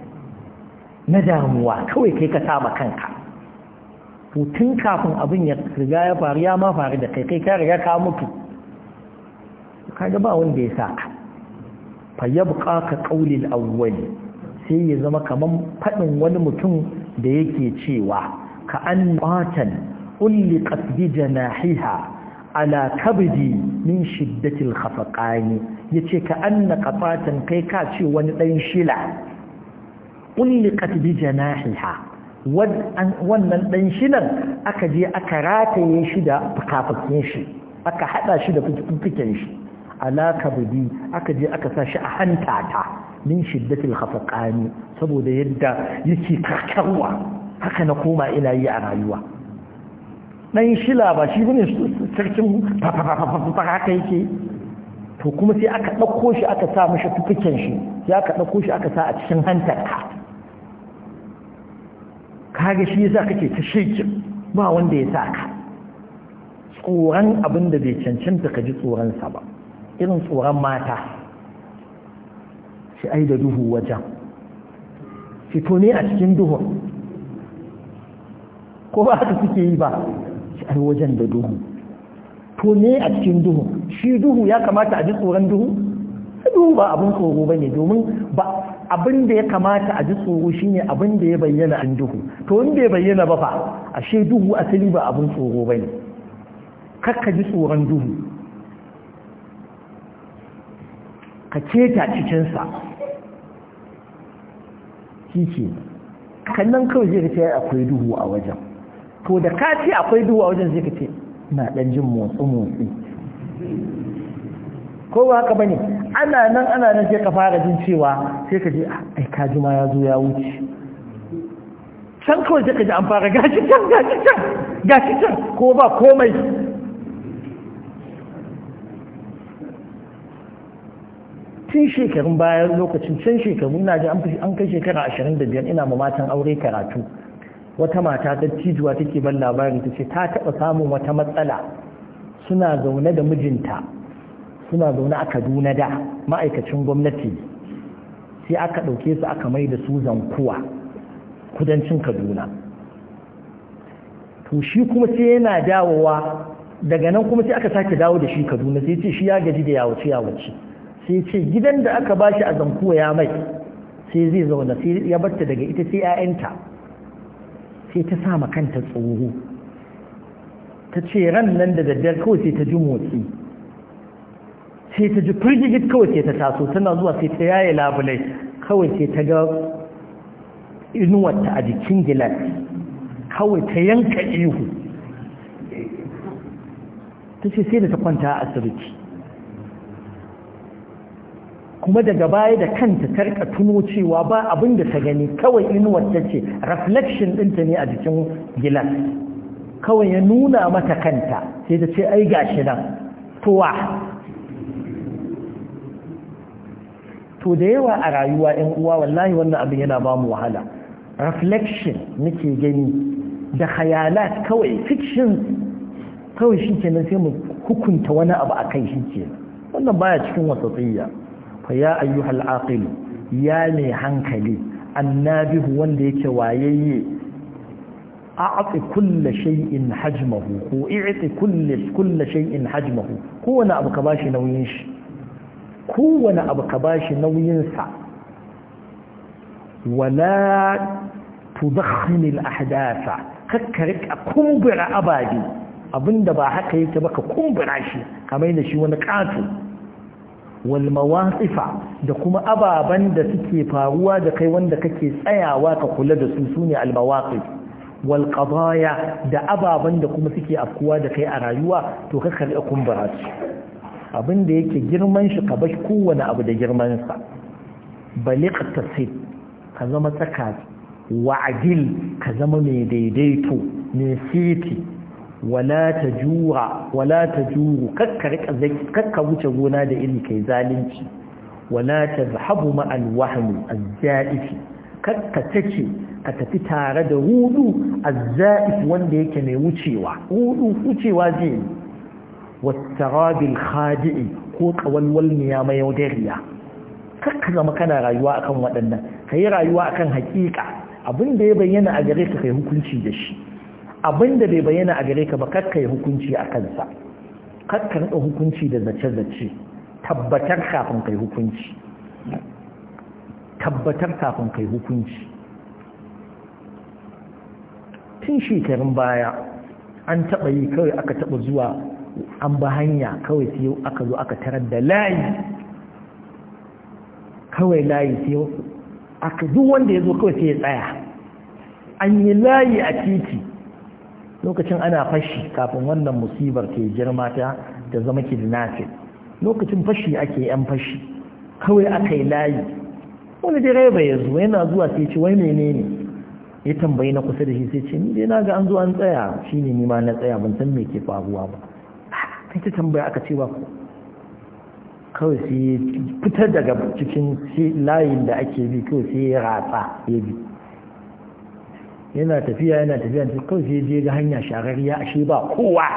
na damuwa kawai kai ka sa kanka to tun kafin abin ya riga ya faru ya ma faru da kai kai ka riga ka mutu kaga ba wanda ya sa ka fa ya ka qawlil awwali sai ya zama kaman fadin wani mutum da yake cewa ka an batan ulli bi janahiha ala kabdi min shiddatil khafaqani yace ka anna qatatan kai ka ce wani dan shila ulli bi janahiha wannan ɗan shinan aka je aka rataye shi da fukafukin shi aka haɗa shi da fukafukin shi alaka bibi aka je aka sa shi a hantata min shiddatil khafaqani saboda yadda yake karkarwa haka na koma ina yi a rayuwa dan shila ba shi ne sarkin haka yake to kuma sai aka ɗauko shi aka sa mishi fukafukin shi sai aka ɗauko shi aka sa a cikin hantarka kage shi yasa kake ta shekin ba wanda ya sa ka tsoron abin da bai cancanta ka ji tsoronsa ba irin tsoron mata shi ai da duhu wajen fito ne a cikin duhun ko ba haka suke yi ba shi ai wajen da duhu to ne a cikin duhu shi duhu ya kamata a ji tsoron duhu tsoro ba abin tsoro ba ne domin ba abin da ya kamata a ji tsoro shine abin da ya bayyana an duhu to wanda ya bayyana ba fa ashe duhu asali ba abin tsoro ba ne kakka ji tsoron duhu ka keta cikinsa shi ke kannan kawai zai ce akwai duhu a wajen to da ka ce akwai duhu a wajen zai ka ce na ɗan jin motsi-motsi ko ba haka ba ne. ana nan ana nan sai ka fara jin cewa sai ka ji ai kaji ma ya zo ya wuce can kawai sai ka ji an fara gashi can gashi can gashi can ko ba komai tun shekarun bayan lokacin can shekaru ina ji an kai shekara ashirin da biyar ina ma matan aure karatu wata mata ta cijuwa take ban labarin ta ce ta taɓa samun wata matsala suna zaune da mijinta suna zaune a kaduna da ma'aikacin gwamnati sai aka ɗauke su aka mai da su zankuwa kudancin kaduna to shi kuma sai yana dawowa daga nan kuma sai aka sake dawo da shi kaduna sai ce shi ya gaji da yawace yawace sai ce gidan da aka bashi a zankuwa ya mai sai zai zauna sai ya barta daga ita sai 'ya'yanta sai ta sa kanta tsoro ta ce ran nan da daddare kawai sai ta ji motsi sai ta ji firgigit kawai sai ta taso tana zuwa sai ta yaye labulai kawai sai ta ga inuwarta a jikin gilas kawai ta yanka ihu ta ce sai da ta kwanta a asibiti kuma daga baya da kanta tarka tuno cewa ba abin da ta gani kawai inuwarta ce reflection ɗinta ne a jikin gilas kawai ya nuna mata kanta sai ta ce ai gashi nan towa to da yawa a rayuwa ‘yan uwa wallahi wannan abin yana ba mu wahala reflection nake gani da hayalat kawai fiction kawai shi kenan sai mu hukunta wani abu a kai shi ke wannan baya cikin wasatsiyya fa ya ayyuhal aqil ya ne hankali annabihu wanda yake wayayye a'ti kulli shay'in hajmahu ko i'ti kulli kulli shay'in hajmahu kowane abu ka bashi nauyin shi kowane abu ka bashi nauyinsa wala tudakhmil ahdatha kakkarik a kumbura ababe abinda ba haka yake ba ka kumbura shi kamar da shi wani katu wal mawasifa da kuma ababen da suke faruwa da kai wanda kake tsayawa ka kula da su sune al mawaqif wal qadaya da ababen da kuma suke afkuwa da kai a rayuwa to kakkarik a kumbura su abin da yake girman shi ka bar kowane abu da girmansa balik tasir ka zama tsaka wa'adil ka zama mai daidaito mai siti wala ta jura wala ta juru kakka wuce gona da iri kai zalunci wala ta zahabu ma'al wahmi azzaifi kakka tace ka tafi tare da hudu azzaifi wanda yake mai wucewa hudu wucewa zai yi wattarabil khadi'i ko kawalwal ya mai yaudariya kakka zama kana rayuwa akan waɗannan ka yi rayuwa akan haƙiƙa abin da ya bayyana a gare ka kai hukunci da shi abin da bai bayyana a gare ka ba kakka yi hukunci a kansa kakka riƙa hukunci da zace-zace tabbatar kafin kai hukunci tabbatar kafin kai hukunci tun shekarun baya an taɓa yi kawai aka taɓa zuwa an ba hanya kawai sai aka zo aka tarar da layi kawai layi sai aka duk wanda ya zo kawai sai ya tsaya an yi layi a titi lokacin ana fashi kafin wannan musibar ke girma ta da zama kidnapping lokacin fashi ake yan fashi kawai aka yi layi wani direba ya zo yana zuwa sai ce wai menene ya tambayi na kusa da shi sai ce ni dai na ga an zo an tsaya shine ni ma na tsaya ban san me ke faruwa ba ta tambaya aka ce ba kawai sai fitar daga cikin layin da ake bi kawai sai ya ratsa ya bi yana tafiya yana tafiya kawai sai je ga hanya shararriya ashe ba kowa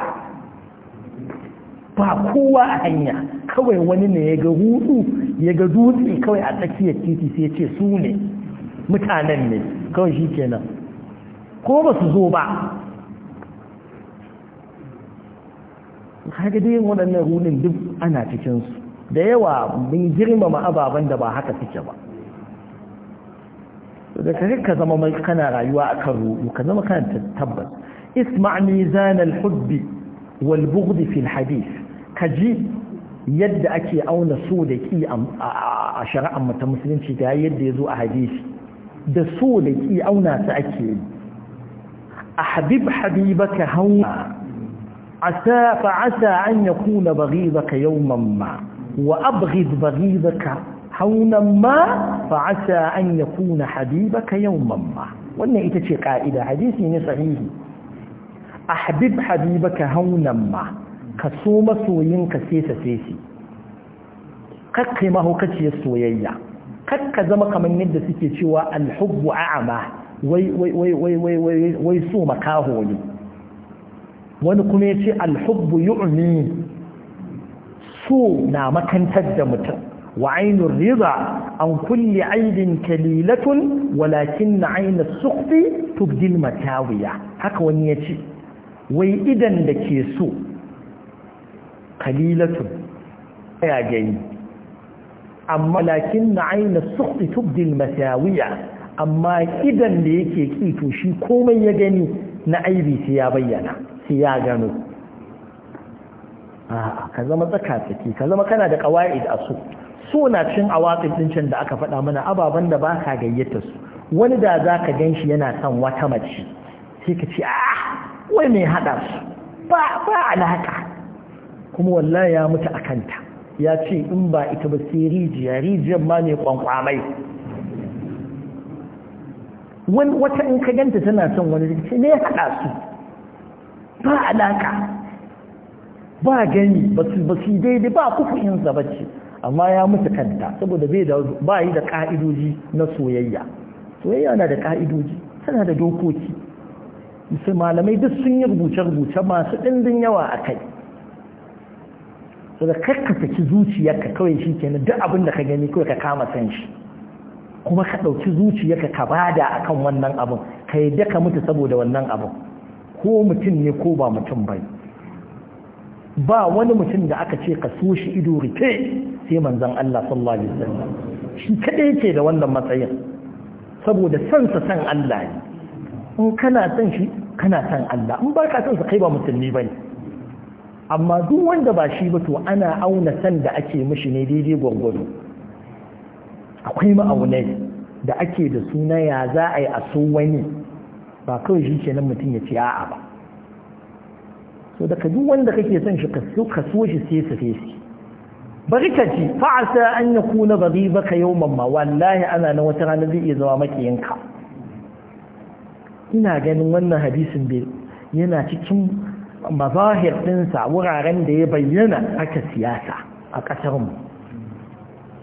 ba kowa a hanya kawai wani ne ya ga hudu ya ga dutse kawai a tsakiyar titi sai ce su ne mutanen ne kawai shi kenan ko ba su zo ba kaga dai waɗannan runin duk ana cikinsu da yawa mun girmama ababen da ba haka suke ba da kare ka zama mai kana rayuwa a kan ruɗu ka zama kana tabbas isma' mizan al-hubbi wal bughd fi al-hadith kaji yadda ake auna so da ki a shari'ar mu ta musulunci da yadda yazo a hadisi da so da ki auna su ake yi a habib habibaka hawa عسى فعسى أن يكون بغيضك يوما ما وأبغض بغيضك هونا ما فعسى أن يكون حبيبك يوما ما وأن إتشي قائدة حديثي صحيح أحبب حبيبك هونا ما كسوم سوين كسيس سيسي ققمه كتي السويية ققزم من ند سيكي شوى الحب أعمى وي وي وي وي وي وي, وي, وي كاهولي wani kuma ya ce alhubbu yu'mi so na makantar da mutum wa ainihin riba an kulle aibin kalilatun walakin na aina sukfi tubdil matawiya haka wani ya ce wai idan da ke so kalilatun ya gani amma lakin na aina sukfi tubdil matawiya amma idan da yake ƙi to shi komai ya gani na aibi sai ya bayyana ce ya gano a ka zama tsaka tsaki ka zama kana da kawai a su so na cin awatin din can da aka faɗa mana ababen da ba ka gayyata su wani da za ka gan shi yana son wata mace sai ka ce ah wai mai haɗa su ba alaka kuma wallah ya mutu a kanta ya ce in ba ita ba sai rijiya rijiyar ma ne kwankwamai wani wata in ka ganta tana son wani rikici ne haɗa su ba alaka ba gani ba su daidai ba kufu'insa ba ce amma ya mutu kanta saboda bai da ba yi da ka'idoji na soyayya soyayya na da ka'idoji tana da dokoki sai malamai duk sun yi rubuce-rubuce masu ɗindin yawa a kai saboda kakka saki zuciyarka kawai shi kenan duk abin da ka gani kawai ka kama san shi kuma ka ɗauki zuciyarka ka bada akan wannan abin ka yadda ka mutu saboda wannan abin ko mutum ne ko ba mutum bai ba wani mutum da aka ce ka so shi ido rike sai manzan Allah sallallahu alaihi wasallam shi kadai yake da wannan matsayin saboda san sa san Allah ne in kana san shi kana san Allah in ba ka san sa kai ba musulmi bane amma duk wanda ba shi ba to ana auna san da ake mishi ne daidai gwargwado akwai ma'aunai da ake da suna ya za a yi a so wani ba kawai shi ke nan mutum ya ce a'a ba so daga duk wanda kake son shi ka so shi sai su fesi bari ka ci fa'asa an ya kuna bari baka yau mamma wallahi ana na wata rana zai iya zama makiyinka ina ganin wannan hadisin bai yana cikin mazahir ɗinsa wuraren da ya bayyana aka siyasa a ƙasarmu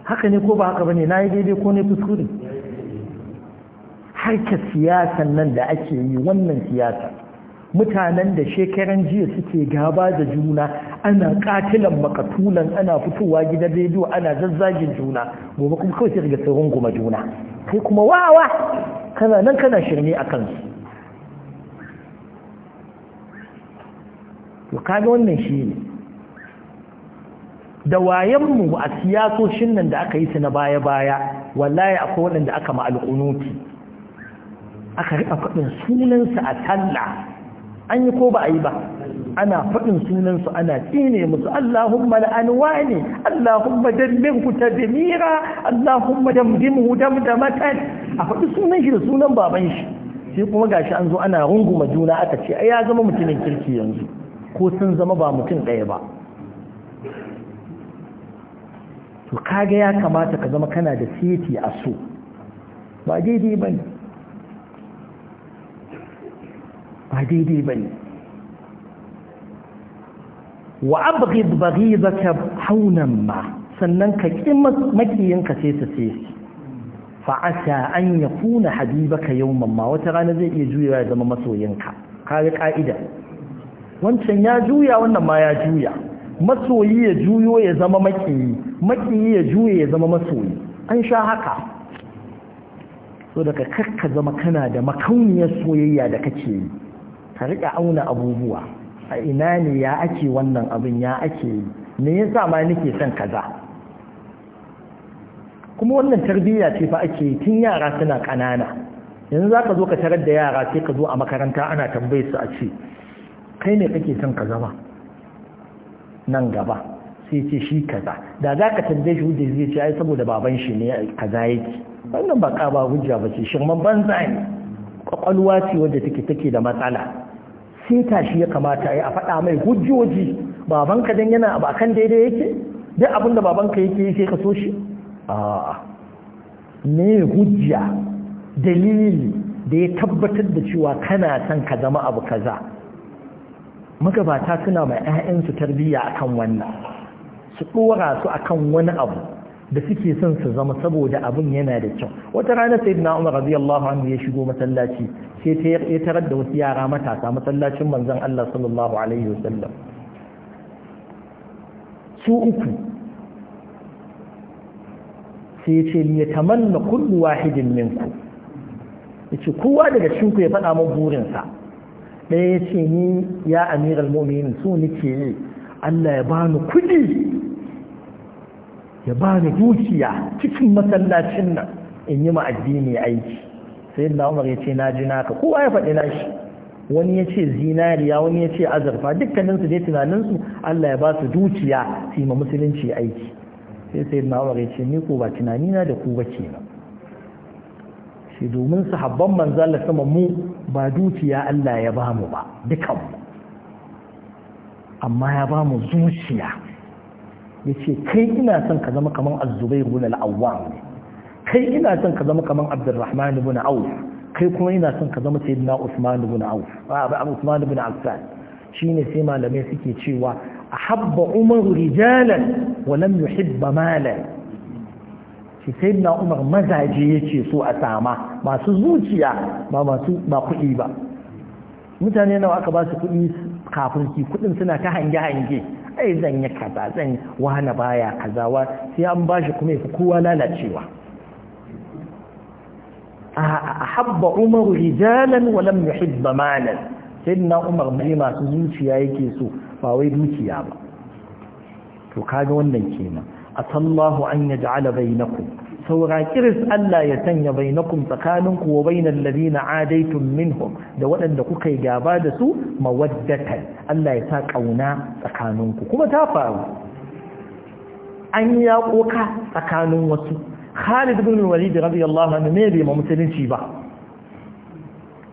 haka ne ko ba haka ba ne na yi daidai ko ne kuskure harkar siyasan nan da ake yi wannan siyasa mutanen da shekaran jiya suke gaba da juna ana katilan makatulan ana fitowa gidan rediyo ana zazzagin juna gobe kuma kawai sai daga sauran goma juna kai kuma wawa kana nan kana shirme a kansu to kaga wannan shi ne da wayanmu a siyasoshin nan da aka yi su na baya-baya wallahi akwai waɗanda aka ma'alƙunuti aka riƙa faɗin sunansu a talla an yi ko ba a yi ba ana faɗin sunansu ana tsine musu Allahumma la'anwa ne Allahumma dammin ku ta Allahumma damdimu hu a faɗi sunan shi da sunan baban shi sai kuma gashi an zo ana runguma juna aka ce ai ya zama mutumin kirki yanzu ko sun zama ba mutum ɗaya ba to kaga ya kamata ka zama kana da seti a so ba daidai ba ne ba daidai ba ne wa abghid baghidaka haunan ma sannan ka ƙi makiyinka sai ta sai fa'asa an ya kuna habibaka yawman ma wata rana zai iya juya ya zama masoyinka kare ka'ida wancan ya juya wannan ma ya juya masoyi ya juyo ya zama makiyi makiyi ya juya ya zama masoyi an sha haka so daga kakka zama kana da makauniyar soyayya da kake yi ka riƙa auna abubuwa a ina ne ya ake wannan abin ya ake yi me yasa ma nake son kaza kuma wannan tarbiyya ce fa ake tun yara suna ƙanana yanzu za ka zo ka tarar da yara sai ka zo a makaranta ana tambaye su a ce kai ne kake son kaza ba? nan gaba sai ce shi kaza da za ka tambaye shi hujja zai ce ai saboda baban shi ne kaza yake wannan ba ba hujja ba ce shirman banza ne kwakwalwa ce wadda take take da matsala sai tashi ya kamata ya faɗa mai hujjoji babanka dan yana ba kan daidai yake duk abin da babanka yake yi sai ka so shi a'a ne hujja dalili da ya tabbatar da cewa kana son ka zama abu kaza magabata suna mai 'ya'yansu tarbiyya akan wannan su ɗora su akan wani abu da suke son su zama saboda abin yana da kyau wata ranar sai na umar radiyallahu anhu ya shigo masallaci sai ta ya tarar da wasu yara matasa masallacin manzon Allah sallallahu alaihi wasallam su uku sai ya ce ya tamanna kullu wahidin minku yace kowa daga cikin ku ya faɗa min sa ɗaya ya ce ni ya amiral mu'minin su nake yi Allah ya bani kuɗi ya ba ni dukiya cikin masallacin nan in yi ma addini aiki sai da umar ya ce na ji naka kowa ya faɗi nashi wani ya ce zinariya wani ya ce azurfa dukkaninsu dai tunaninsu allah ya ba su dukiya su yi ma musulunci aiki sai sai da umar ya ce ni ko ba na da ku ba kenan shi domin sahabban manzo Allah sama mu ba dukiya Allah ya bamu ba dukan amma ya bamu zuciya ya ce kai ina son ka zama kaman azubai guna al'awwam ne kai ina son ka zama kaman abdurrahman ibn auf kai kuma ina son ka zama sayyidina usman ibn auf abu ah, usman alfad Shi ne sai malamai suke cewa a habba umar rijalan wa lam yuhibba malan shi sayyidina umar mazaje ya ce so a sama masu zuciya ba masu ba kuɗi ba mutane nawa aka ba su kuɗi kafin ki kuɗin suna ta hange hange ai zan yi kaza zan wahana baya kaza wa sai an bashi kuma ya kowa lalacewa a habba umaru rijalan walam yuhibba sai sayyidina umar mai masu zuciya yake so ba wai dukiya ba to kaga wannan kenan sallahu an yaj'ala naku. saura kiris Allah ya sanya bainakum tsakaninku wa bainal ladina adaitum minhum da waɗanda kuka yi gaba da su mawaddatan Allah ya sa kauna tsakaninku kuma ta faru an ya koka tsakanin wasu Khalid ibn Walid radiyallahu anhu ne bai musulunci ba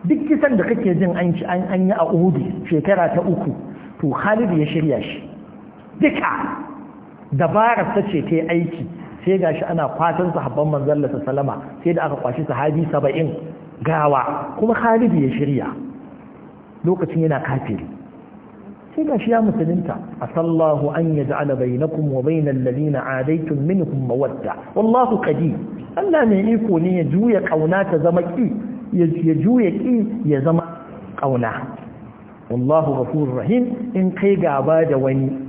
duk kisan da kake jin an an an yi a Uhud shekara ta uku to Khalid ya shirya shi duka dabarar ta ce ta aiki sai gashi ana fatan sahabban manzon Allah sallama sai da aka kwashi sahabi 70 gawa kuma Khalid ya shirya lokacin yana kafiri sai gashi ya musulunta asallahu an yaj'ala bainakum wa bainal ladina adaitum minhum mawadda wallahu qadir Allah ne iko ne ya juya kauna ta zama ki ya juya ki ya zama kauna wallahu ghafurur rahim in kai gaba da wani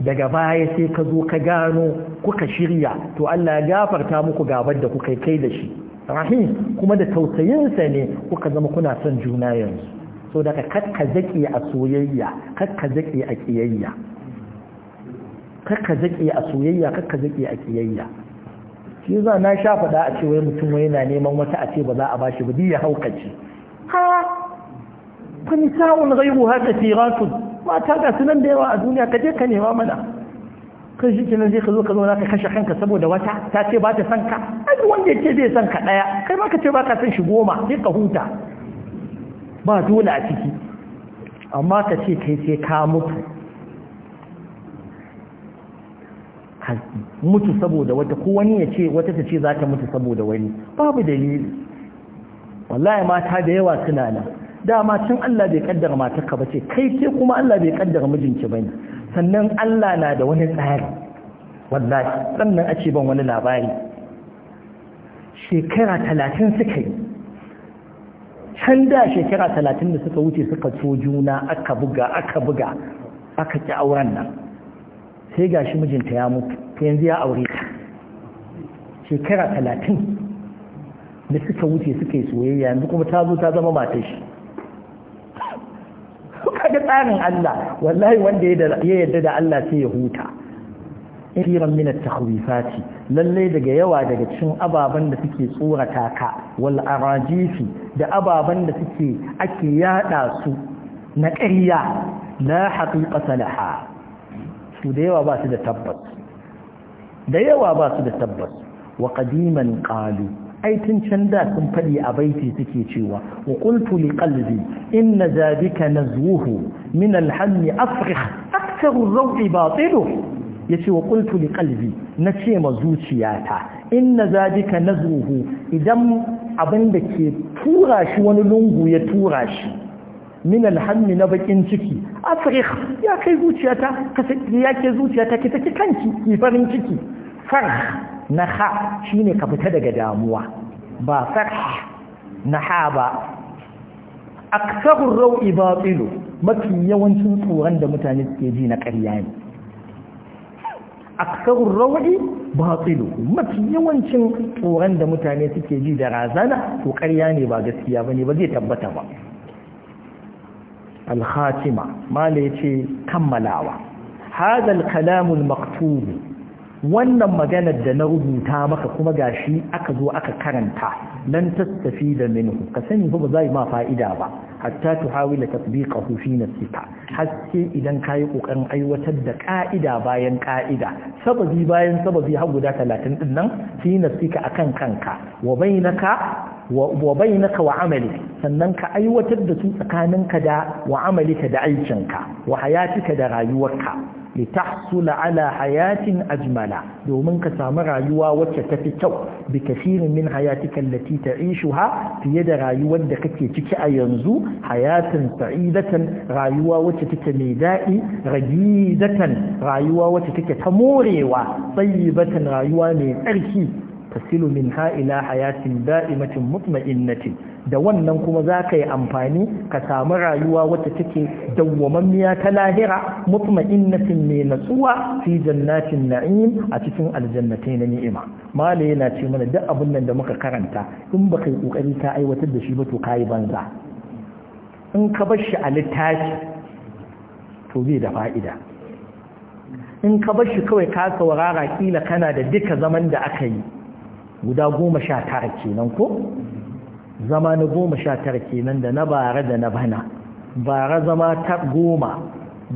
daga baya sai ka zo ka gano kuka shirya to Allah ya gafarta muku gabar da kuka kai da shi rahim kuma da tausayinsa ne kuka zama kuna son juna yanzu so daga kakka zaki a soyayya kakka zaki a kiyayya kakka zaki a soyayya kakka zaki a kiyayya shi za na sha faɗa a ce wai mutum wai yana neman wata a ce ba za a ba shi ba ya haukace ha fa nisa'un ghayru haka siratun mata ga sunan da yawa a duniya ka je ka nema mana kan shi kenan zai ka zo ka zo ka kashe kanka saboda wata ta ce ba ta san ka ai wanda yake zai san ka daya kai ma ka ce ba ka san shi goma sai ka huta ba dole a ciki amma ka ce kai sai ka mutu ka mutu saboda wata ko wani ya ce wata ta ce za ta mutu saboda wani babu dalili wallahi mata da yawa suna nan dama can Allah bai kaddara matarka ba ce kai ce kuma Allah bai kaddara mijinki ba ne sannan Allah na da wani tsari wallahi sannan a ce ban wani labari shekara talatin suka yi can da shekara talatin da suka wuce suka so juna aka buga aka buga aka ƙi auren nan sai gashi mijinta ya mutu yanzu ya aure ta shekara talatin da suka wuce suka yi soyayya yanzu kuma ta zo ta zama matar shi ga tsarin Allah wallahi wanda ya yarda da Allah sai ya huta kiran min at-takhwifati lalle daga yawa daga cikin ababan da suke tsorata ka wal arajifi da ababan da suke ake yada su na ƙarya la haqiqa laha su da yawa ba su da tabbas da yawa ba su da tabbas wa qadiman qalu ai tun can da sun faɗi a baiti suke cewa wa qultu li qalbi inna zabika nazwuhu min alhammi afrih aktharu ar-rawi batilu yace wa qultu li qalbi nace ma zuciyata inna zabika nazwuhu idan abin da ke tura shi wani lungu ya tura shi min alhammi na bakin ciki afrih ya kai zuciyata ka ya ke zuciyata ki take kanki ki farin ciki farh na ha shine ka fita daga damuwa ba sarha na ha ba aksarun rau'i batsilu mafi yawancin tsoron da mutane suke ji na ƙarya ne aksarun rau'i batsilu mafi yawancin tsoron da mutane suke ji da razana to ƙarya ne ba gaskiya ba ne ba zai tabbata ba alhatima mala ya ce kammalawa hadal kalamul maktubi wannan maganar da na rubuta maka kuma gashi aka zo aka karanta lan tastafi da minhu ka sani ba zai ma fa'ida ba hatta tuhawila tatbiqahu fi nafsika haske idan kayi kokarin aiwatar da ka'ida bayan ka'ida sababi bayan sababi har guda 30 din nan fi nafsika akan kanka wa bainaka wa bainaka wa amali sannan ka aiwatar da su tsakaninka da wa amalika da aikinka wa hayatika da rayuwarka litahsula ala hayatin ajmala domin ka samu rayuwa wacce tafi kyau bi kashirin min hayatika allati ta'ishuha fiye da rayuwar da kake ciki a yanzu hayatin sa'idatan rayuwa wacce take mai daɗi ragizatan rayuwa wacce take ta morewa tsayyibatan rayuwa mai tsarki tasilu minha ila hayatin da'imatin mutma'innatin da wannan kuma za ka yi amfani ka samu rayuwa wacce take dawwamammiya ta lahira mutma'innatin mai natsuwa fi jannatin na'im a cikin aljannatai na ni'ima mala yana ce mana duk abin nan da muka karanta in ba kai kokari ka aiwatar da shi ba to kayi banza in ka bar shi a littafi to bai da fa'ida in ka bar shi kawai ka saurara kila kana da duka zaman da aka yi guda goma sha tara kenan ko zama na goma sha tara kenan da na bara da na bana bara zama ta goma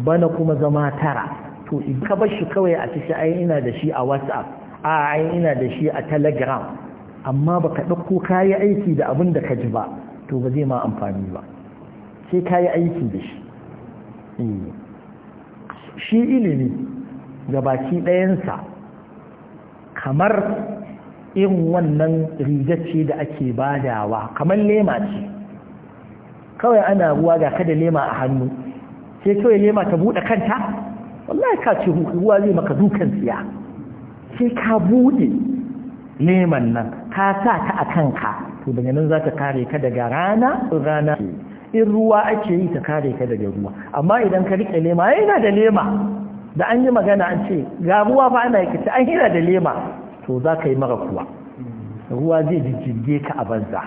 bana kuma zama tara to in ka bar shi kawai a tashi ai ina da shi a whatsapp a ai ina da shi a telegram amma baka ɗauko kayi aiki da abin da ka ji ba to ba zai ma amfani ba sai kayi aiki da shi eh. shi ilimi ga baki ɗayansa kamar In wannan riga ce da ake badawa kamar lema ce kawai ana ruwa ga kada lema a hannu sai kawai lema ta buɗe kanta wallahi ka ce ruwa zai maka dukan tsiya sai ka buɗe leman nan ka sa ta a kanka to daga nan za ta kare ka daga rana rana in ruwa ake yi ta kare ka daga ruwa amma idan ka riƙe lema yana da lema da an yi magana an ce ga ruwa fa ana yi an yana da lema to za ka yi mara kuwa ruwa zai jijjige ka a banza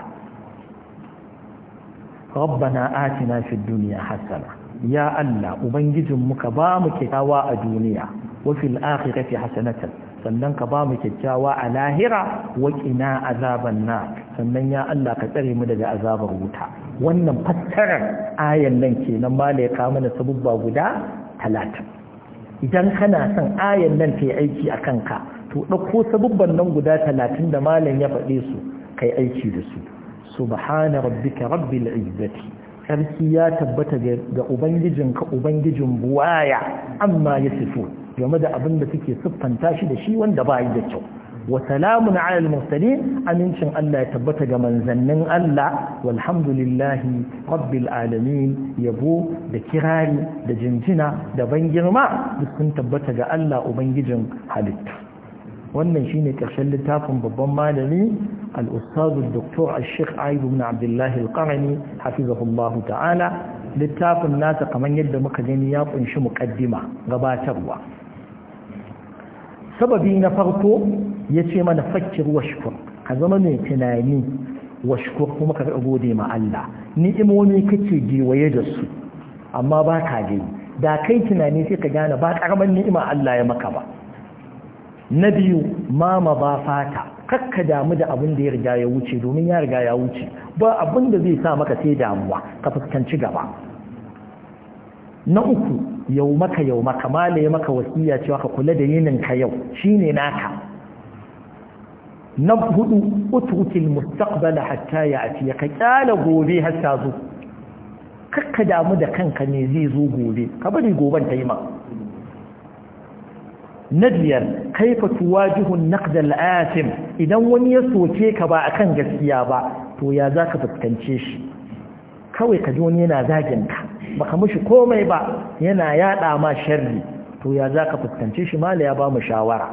rabbana atina fid duniya hasana ya Allah ubangijinmu ka ba mu kyakkyawa a duniya wa fil akhirati hasanatan sannan ka ba mu kyakkyawa a lahira wa qina azaban nar sannan ya Allah ka tsare mu daga azabar wuta wannan fassarar ayan nan kenan ma ya ka mana sabubba guda talatin idan kana son ayan nan ta yi aiki a kanka to ɗauko sabubban nan guda talatin da malam ya faɗe su kai aiki da su subhana rabbika rabbil izzati sarki ya tabbata ga ka ubangijin buwaya amma ya sifo game da abin da suke siffanta shi da shi wanda ba da kyau wa salamun ala al-mursalin amincin Allah ya tabbata ga manzannin Allah walhamdulillahi rabbil alamin yabo da kirari da jinjina da ban girma duk sun tabbata ga Allah ubangijin halitta wannan shine ƙarshen littafin babban malami al-ustazu doktor al-sheikh ayyub na Abdullahi al-qarni hafizahullah ta'ala littafin nasa kamar yadda muka gani ya kunshi muqaddima gabatarwa sababi na farko yace mana fakkir wa ka zama mai tunani wa kuma ka gode ma Allah ni'imomi kake giwaye da su amma ba ka gani da kai tunani sai ka gane ba karaman ni'ima Allah ya maka ba na biyu mama ba fata kakka damu da abin da ya riga ya wuce domin ya riga ya wuce ba abin da zai sa maka sai damuwa ka fuskanci gaba na uku yau maka yau maka mala ya maka wasiya cewa ka kula da yinin ka yau shine naka na hudu utukil mustaqbala hatta ya ati ka kyala gobe har ta zo kakka damu da kanka ne zai zo gobe ka bari goben ta yi ma na biyar kaifa tuwajihun naqdal atim idan wani ya soke ka ba akan gaskiya ba to ya zaka fuskance shi kawai ka ji wani yana zagin ka baka mishi komai ba yana yada ma sharri to ya zaka fuskance shi mala ya ba mu shawara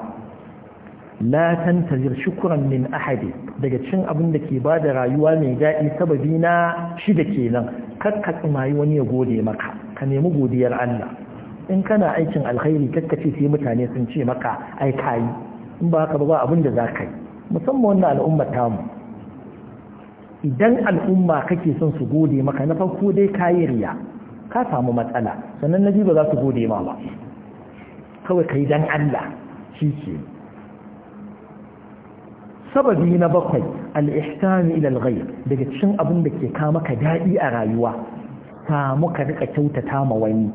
la tantazir shukran min ahadi daga cin abin da ke bada rayuwa mai daɗi sababi na shida kenan kar ka tsumayi wani ya gode maka ka nemi godiyar Allah in kana aikin alkhairi kakkace sai mutane sun ce maka ai kayi in ba haka ba abin da za ka yi musamman wannan al'ummar tamu idan al'umma kake son su gode maka na farko dai kayi riya ka samu matsala sannan na ba za su gode ma ba kawai kai dan Allah shi ke sababi na bakwai al ila ilal ghayr daga cikin abin da ke kama ka daɗi a rayuwa samu ka rika kyautata ma wani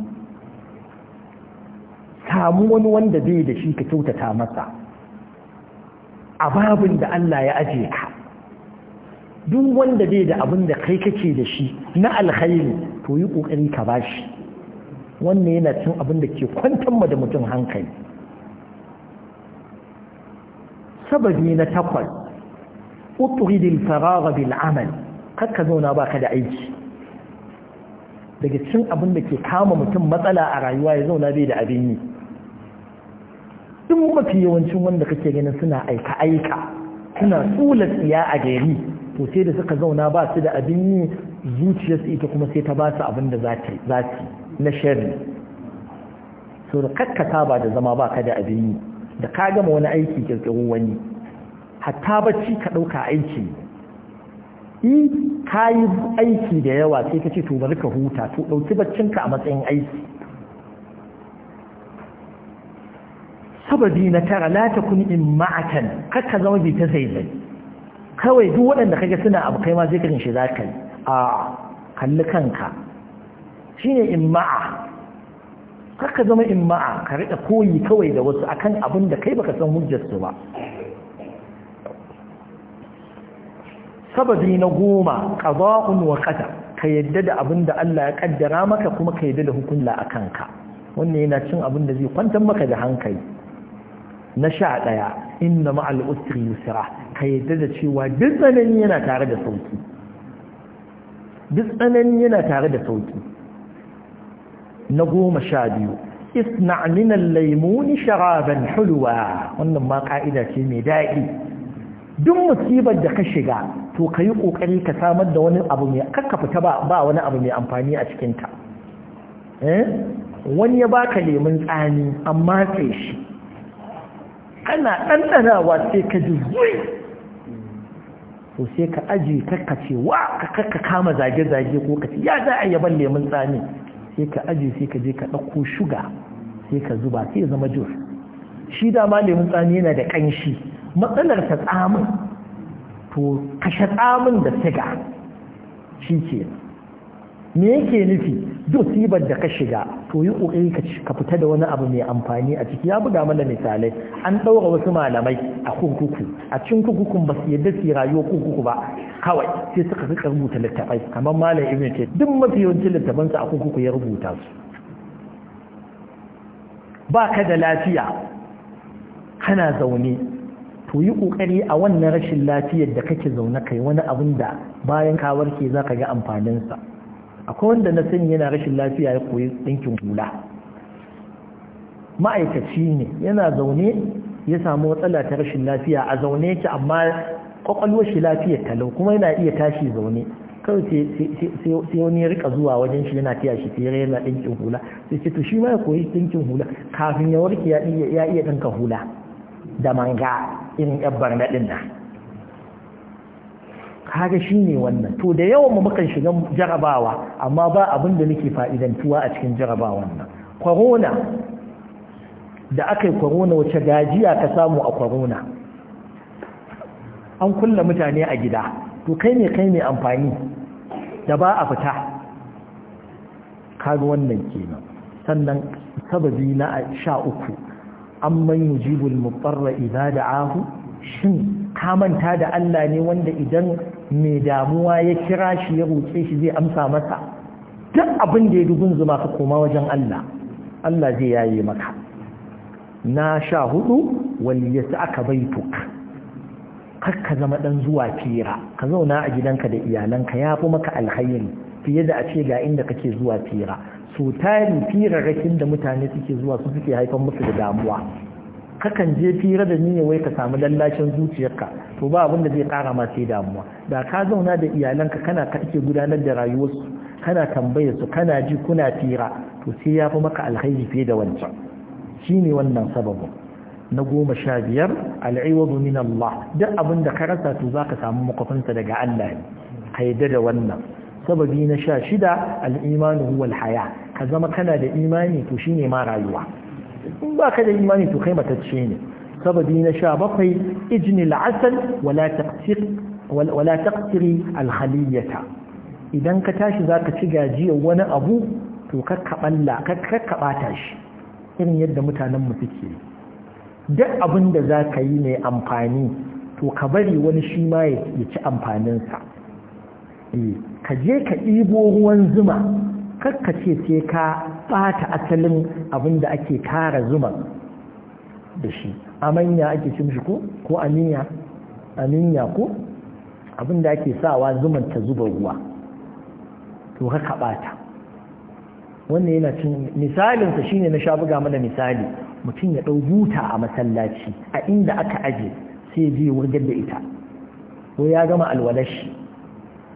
samu wani wanda zai da shi ka kyautata masa a babin da Allah ya aje ka duk wanda bai da abin da kai kake da shi na alkhairi to yi kokari ka bashi wannan yana cin abin da ke kwantar da mutum hankali sababi na takwas uturidil faragha bil amal kakka zauna baka da aiki daga cin abin da ke kama mutum matsala a rayuwa ya zauna bai da abin yi duk mafi yawancin wanda kake ganin suna aika aika suna tsula tsiya a gari to sai da suka zauna ba su da abin yi zuciyarsu ita kuma sai ta ba su abin da za ta na shari so da kakkata ba da zama ba ka da abin yi da ka gama wani aiki kirkirin wani hatta bacci ka ɗauka aiki in ka yi aiki da yawa sai ka ce to bari ka huta to ɗauki baccinka a matsayin aiki sababi na tara la takun imma'atan kakka zama bi ta sai bai kawai duk waɗanda kage suna abu kai ma zai kirin shi zaka yi a kalli kanka shine ma'a. kakka zama in ma'a ka rika koyi kawai da wasu akan abin da kai baka san hujjar ba sababi na goma qada'un wa qadar ka yadda da abin da Allah ya kaddara maka kuma ka yadda da hukunta a ka. wannan yana cin abin da zai kwantar maka da hankali na sha ɗaya inda ma'al usri yusra ka yadda da cewa duk tsanani yana tare da sauki duk tsanani yana tare da sauki na goma sha biyu isna min al sharaban hulwa wannan ma ka'ida ce mai daɗi duk musibar da ka shiga to kayi kokari ka samar da wani abu mai kakka fita ba ba wani abu mai amfani a cikin ta eh wani ya baka lemun tsani amma sai shi ana ɗanɗanawa sai ka ji zuri to sai ka aji kakkace wa ka kama zage-zage ko ka ya za a yaban lemun tsami sai ka aji sai ka je ka ɗauko shuga sai ka zuba sai zama jur shi dama lemun tsami yana da ƙanshi matsalar ta tsamin to kashe tsamin da siga shi ke me yake nufi duk sibar da ka shiga to yi ƙoƙari ka fita da wani abu mai amfani a ciki ya buga mana misalai an ɗaura wasu malamai a kurkuku a cikin kurkukun ba su yadda su rayuwar kurkuku ba kawai sai suka rika rubuta littafai kamar malam ibn ce duk mafi yawancin su a kurkuku ya rubuta su ba ka da lafiya kana zaune to yi ƙoƙari a wannan rashin lafiyar da kake zaune kai wani abin da bayan ka warke za ka ga amfaninsa akwai wanda na sani yana rashin lafiya ya koyi ɗinkin hula ma'aikaci ne yana zaune ya samu matsala ta rashin lafiya a zaune ki amma kwakwalwar shi lafiya talau kuma yana iya tashi zaune kawai sai wani rika zuwa wajen shi yana tiya shi fere yana ɗinkin hula sai ce to shi ma ya koyi ɗinkin hula kafin ya warke ya iya ɗinka hula da manga irin yabbar naɗin nan kaga shine wannan to da yawan mu mukan shiga jarabawa amma ba abin da nake tuwa a cikin jarabawan nan corona da aka yi corona wace gajiya ka samu a corona an kulle mutane a gida to kai ne kai ne amfani da ba a fita kaga wannan kenan sannan sababi na sha uku man yujibul mutarra idza ahu? shin ka manta da Allah ne wanda idan mai damuwa ya kira shi ya roƙe shi zai amsa masa duk abin da ya dugun zuma ka koma wajen Allah Allah zai yaye maka na sha hudu wani ya sa aka baituk kar ka zama ɗan zuwa fira ka zauna a gidanka da iyalanka ya fi maka alhairi fiye da a ce ga inda kake zuwa fira so tari firarrakin da mutane suke zuwa su suke haifar musu da damuwa kakan je fira da niyyar wai ka samu lallacin zuciyarka to ba abin da zai kara ma sai damuwa da ka zauna da iyalanka kana ka ike gudanar da rayuwarsu kana tambayar su kana ji kuna fira to sai ya fi maka alkhairi fiye da wancan shine wannan sababu. na goma sha biyar al'iwadu min Allah duk abin da ka rasa to zaka samu makwafinsa daga Allah ne kaida da wannan sababi na sha shida al'imanu huwa haya ka zama kana da imani to shine ma rayuwa in ba ka da imani to kai matacce ne sababi na sha bakwai ijni la'asal wala taqtiri alhaliyata idan ka tashi za ka ci gajiyar wani abu to kakka shi irin yadda mutanen mu suke duk abin da zaka yi mai amfani to ka bari wani shi ma ya ci amfaninsa eh, ka je ka ɗibo ruwan zuma ce sai ka bata asalin abin da ake kara zuma da shi amanya ake cin shi ko ko aminya aminya ko abin da ake sawa zuman ta zuba ruwa to ka ka bata wannan yana cin misalinsa shine na sha buga mana misali mutum ya ɗau buta a masallaci a inda aka aje sai je wurgar da ita ko ya gama alwalashi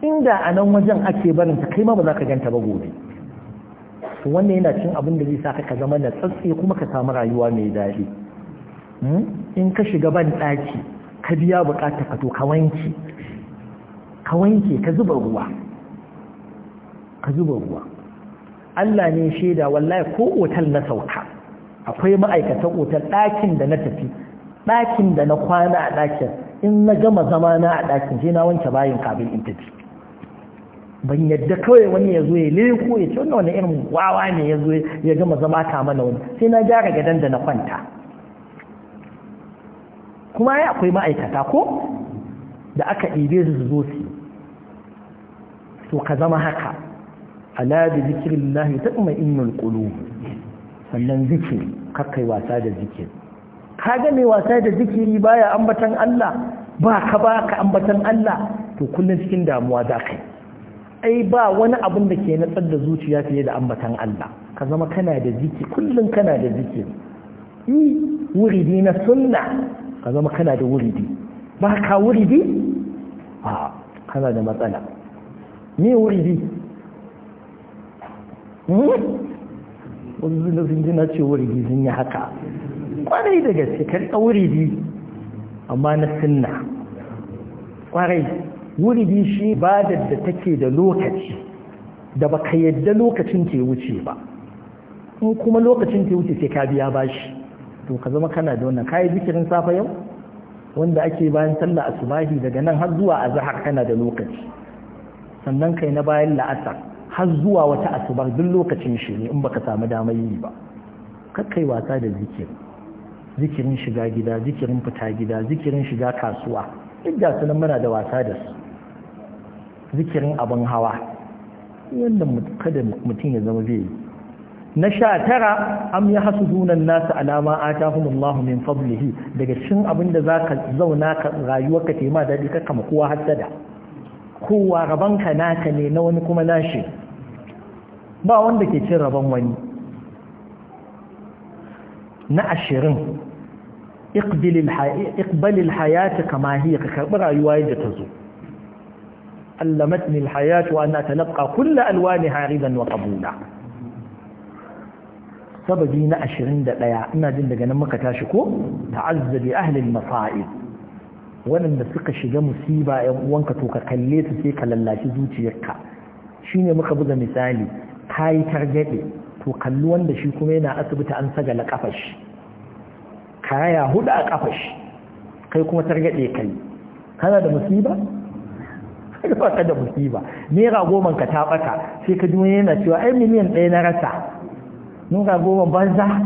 inda a nan wajen ake barin ta kai ma ba za ka ganta ba gobe to wannan yana cin abin da zai sa ka zama na tsatsi kuma ka samu rayuwa mai daɗi hmm? in ka shiga ban ɗaki ka biya buƙatar ka to ka wanke ka zuba ruwa ka zuba ruwa Allah ne shaida wallahi ko otal na sauka akwai ma'aikatan otal ɗakin da na tafi ɗakin da na kwana a ɗakin in na gama zamana a ɗakin sai na wanke bayin kafin in tafi ban yadda kawai wani ya zo ya leko ya ce wani irin wawa ne ya zo ya gama zama ta mana wani sai na gyara gadon da na kwanta kuma ya akwai ma'aikata ko da aka ɗibe su zo su to ka zama haka ala da zikirin lahi ta kuma innul ƙulu sannan zikiri kakai wasa da zikiri ka ga mai wasa da zikiri baya ambatan Allah ba ka ba ka ambatan Allah to kullum cikin damuwa za ka ai ba wani abin da ke natsar da zuciya fiye da ambatan Allah ka zama kana da ziki kullum kana da ziki yi wuridi na sunna ka zama kana da wuridi ba ka wuridi a kana da matsala me wuridi hmm? wanzu na sun jina ce wuridi sun yi haka kwarai da gaske wuri wuridi amma na sunna kwarai wuridi shi ibadar da take da lokaci da ba ka yadda lokacin ke wuce ba in kuma lokacin ke wuce sai ka biya bashi to ka zama kana da wannan kayi zikirin safe yau wanda ake bayan sallah asubahi daga nan har zuwa azhar kana da lokaci sannan kai na bayan la'asar har zuwa wata asubar duk lokacin shi ne in baka samu damar yi ba kai wasa da zikir zikirin shiga gida zikirin fita gida zikirin shiga kasuwa duk da sunan muna da wasa da su zikirin abin hawa wannan kada mutum ya zama zai yi na sha tara an yi hasu dunan nasu alama a tahumullahu min fablihi daga cikin abin da za ka zauna ka ka tema daɗi ka kama kowa rabon kowa ka naka ne na wani kuma nashi ba wanda ke cin rabon wani na ashirin iqbalil hayati kama hiya ka karɓi rayuwa yadda ta zo علمتني الحياة وأن أتلقى كل ألوانها رضا وقبولا سببي نأشرين دقيا إنا جند جنمك تاشكو تعز بأهل المصائب waɗanda suka shiga musiba ‘yan uwanka to ka kalle su sai ka lallashi zuciyarka shi ne muka buga misali ka yi to kalli wanda shi kuma yana asibiti an sagala ƙafar kaya hudu a ƙafar kai kuma targaɗe kai kana da musiba ba ka da musiba naira goma ka ta baka sai ka ji yana cewa ai miliyan ɗaya na rasa naira goma banza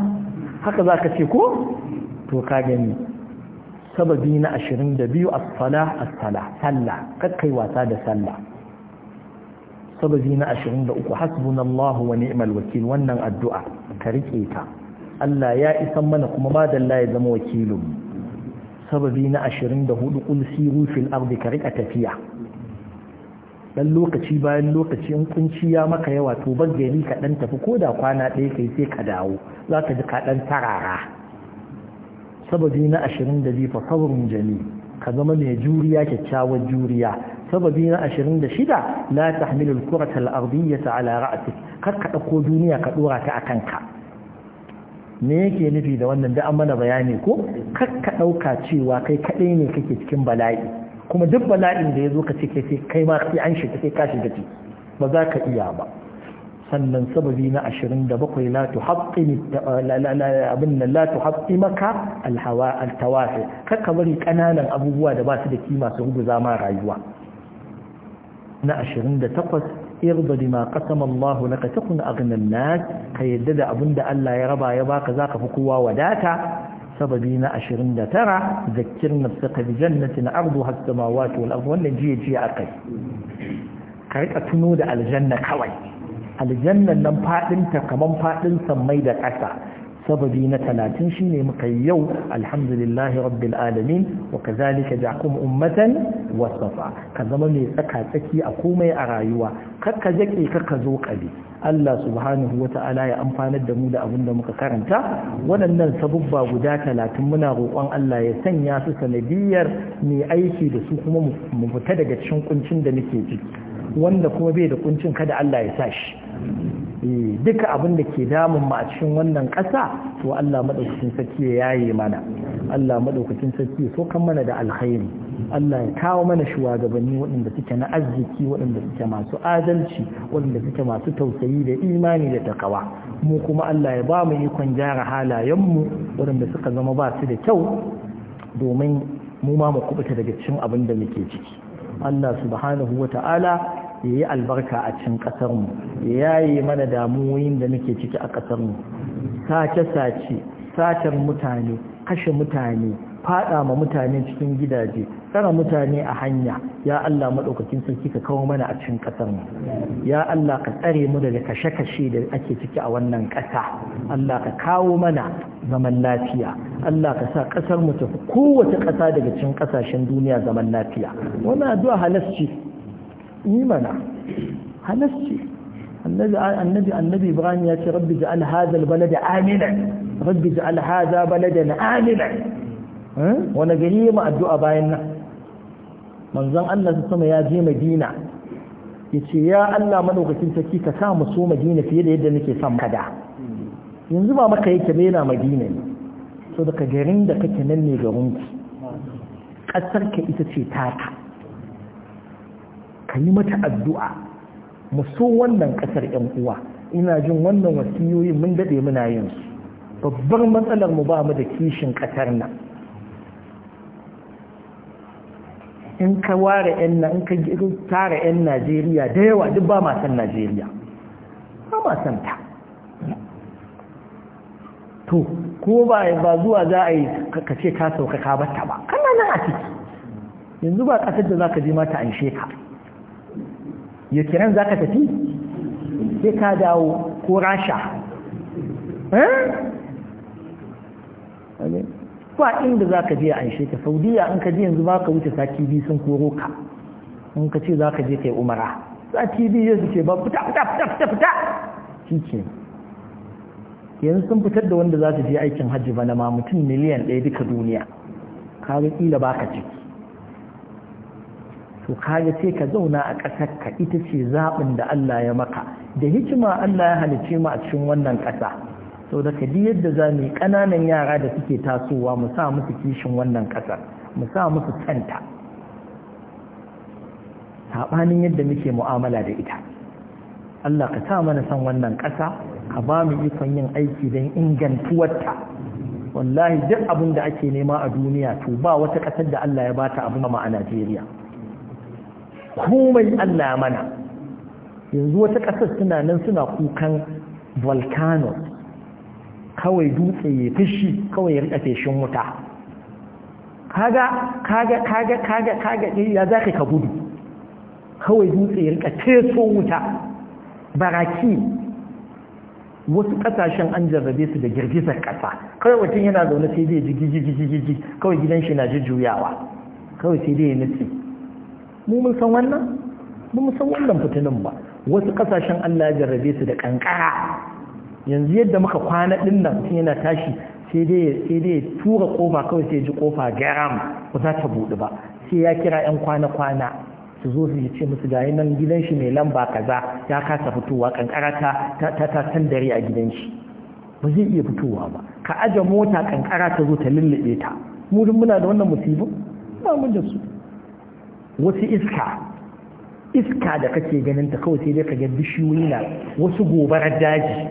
haka za ka ce ko to ka gani sababi na ashirin da biyu asfala asfala sallah kai wasa da sallah sababi na ashirin da uku hasbun hasbunallahu wa ni'mal wakil wannan addu'a ka riƙe ta Allah ya isan mana kuma madalla ya zama wakilin sababi na ashirin da hudu ƙulsi rufin ardi ka riƙa tafiya dan lokaci bayan lokaci in kunci ya maka yawa to bar gari ka dan tafi ko da kwana ɗaya kai sai ka dawo za ka ji ka dan tarara sababi na ashirin da biyu fa jami ka zama mai juriya kyakkyawar juriya sababi na ashirin da shida la tahmilu al-kurata al-ardiyyata ala ra'sik kar ka dauko duniya ka ɗora ta akan ka me yake nufi da wannan da an mana bayani ko kar ka dauka cewa kai kadai ne kake cikin bala'i kuma duk bala'in da ya zo ka ce kai kai ma sai an shiga sai ka shiga ciki ba za ka iya ba sannan sababi na 27 la tuhaqqini abin nan la tuhaqqimaka alhawa altawafi kakka bari kananan abubuwa da ba su da kima su ruguza ma rayuwa na 28 irda bima qasama Allah laka takun aghna an-nas ka yadda da abinda Allah ya raba ya baka zaka fi kowa wadata sababi na 29 da nafsaka bi jannatin ardu as-samawati wato ardu wannan jiya jiya akai ka rika tuno da aljanna kawai aljannan nan fadin kaman fadin sammai da ƙasa sababi na talatin shi ne muka yau alhamdulillahi rabbil alamin wa kazalika ja'akum ummatan wasafa ka zama mai tsaka tsaki a komai a rayuwa kakka jake kakka zo kabe Allah subhanahu wa ta'ala ya amfanar da mu da abin da muka karanta waɗannan sabubba guda talatin muna roƙon Allah ya sanya su sanadiyar mai aiki da su kuma mu fita daga cikin kuncin da muke ciki wanda kuma bai da kuncin kada Allah ya sa shi Eh, duka abin da ke damun mu a cikin wannan ƙasa to Allah madaukakin sarki ya yaye mana Allah madaukakin sarki so kan mana da alkhairi Allah ya kawo mana shugabanni waɗanda suke na arziki waɗanda suke masu adalci waɗanda suke masu tausayi da imani da takawa mu kuma Allah ya ba mu ikon gyara halayenmu waɗanda suka zama ba su da kyau domin mu ma mu kubuta daga cikin abin da muke ciki Allah subhanahu wa ta'ala ya yi albarka a cin ƙasarmu ya yaye mana damuwoyin da muke ciki a ƙasarmu sace-sace satar mutane kashe mutane fada ma mutane cikin gidaje tsara mutane a hanya ya Allah maɗaukakin sarki ka kawo mana a cikin ƙasar mu ya Allah ka tsare mu daga kashe-kashe da ake ciki a wannan ƙasa Allah ka kawo mana zaman lafiya Allah ka sa ƙasar mu ta kowace ƙasa daga cikin ƙasashen duniya zaman lafiya wannan addu'a halasci yi mana halasci annabi annabi ibrahim ya ce rabbi ja'al hadha albalada aminan rabbi ja'al hadha baladan aminan eh? wani gari mu addu'a bayan nan manzon Allah ta sama ya je Madina yace ya Allah madaukakin sarki ka sa mu so Madina fiye da yadda nake son kada yanzu ba maka yake ba na Madina ne so daga garin da kake nan ne garin ki kasar ka ita ce taka ka yi mata addu'a mu so wannan ƙasar ‘yan uwa ina jin wannan wasiyoyin mun daɗe muna yin su babbar matsalar mu ba mu da kishin ƙasar nan in ka ware ‘yan in ka tara ‘yan najeriya da yawa duk ba ma san najeriya ba ma ta to ko ba zuwa za a yi ka ce ka sauka ka bata ba kana nan a ciki yanzu ba ƙasar da za ka je mata an sheka yukiran za ka tafi sai ka dawo ko rasha eh? ba inda za ka je a anshe ta saudiya in ka je yanzu ba ka wuce sati biyu sun koro ka in ka ce za ka je yi umara sati biyu yanzu ce ba fita fita fita fita fita shi yanzu sun fitar da wanda za su je aikin hajji ba na ma mutum miliyan ɗaya duka duniya ka ga kila ba ka ciki to kaga sai ka zauna a ƙasar ka ita ce zaɓin da Allah ya maka da hikima Allah ya halice mu a cikin wannan ƙasa sau da kadi yadda za mu yi ƙananan yara da suke tasowa mu sa musu kishin wannan ƙasar mu sa musu canta saɓanin yadda muke mu'amala da ita Allah ka sa mana san wannan ƙasa ka ba mu ikon yin aiki don ingantuwarta wallahi duk abin da ake nema a duniya to ba wata ƙasar da Allah ya bata abu ma a Najeriya komai Allah mana yanzu wata ƙasar suna nan suna kukan volcano kawai dutse ya fishi kawai ya rika feshin wuta kaga kaga kaga kaga kaga ya za ka gudu kawai dutse ya rika so wuta baraki wasu kasashen an jarrabe su da girgizar kasa kawai mutum yana zaune sai dai ji gigi gigi gigi kawai gidan shi na juyawa, kawai sai dai ya nutse mu mun san wannan mu mun san wannan fitinin ba wasu kasashen Allah ya jarrabe su da kankara yanzu yadda muka kwana din nan yana tashi sai dai sai dai tura kofa kawai sai ji kofa garam ba za ta budu ba sai ya kira yan kwana kwana su zo su yi ce musu gayi nan gidan shi mai lamba kaza ya kasa fitowa kankara ta ta ta dare a gidan shi ba zai iya fitowa ba ka aje mota kankara ta zo ta lullube ta mu muna da wannan musibin ba mun da su wasu iska iska da kake ganin ta kawai sai dai ka ga bishiyoyi na wasu gobarar daji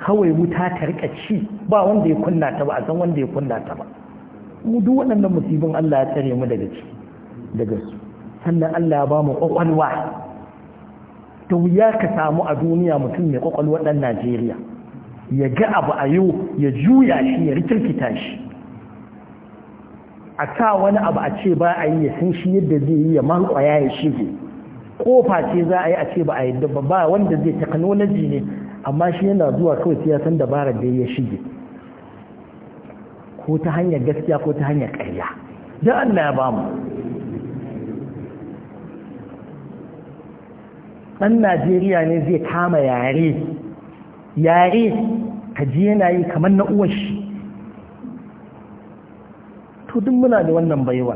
kawai wuta ta rika ci ba wanda ya kunna ta ba a san wanda ya kunna ta ba mu duk waɗannan musibin Allah ya tsare mu daga ciki daga su sannan Allah ya ba mu kwakwalwa ta wuya ka samu a duniya mutum mai kwakwalwa ɗan Najeriya ya ga abu a yau ya juya shi ya rikirkita shi a sa wani abu a ce ba a yi ya san shi yadda zai yi ya mankwaya ya shige kofa ce za a yi a ce ba a yi ba ba wanda zai teknoloji ne amma shi yana zuwa kawai sai ya san dabarar da ya shige ko ta hanyar gaskiya ko ta hanyar ƙarya da Allah ya ba mu ɗan Najeriya ne zai kama yare yare ka ji yana yi kamar na uwar shi to duk muna da wannan baiwa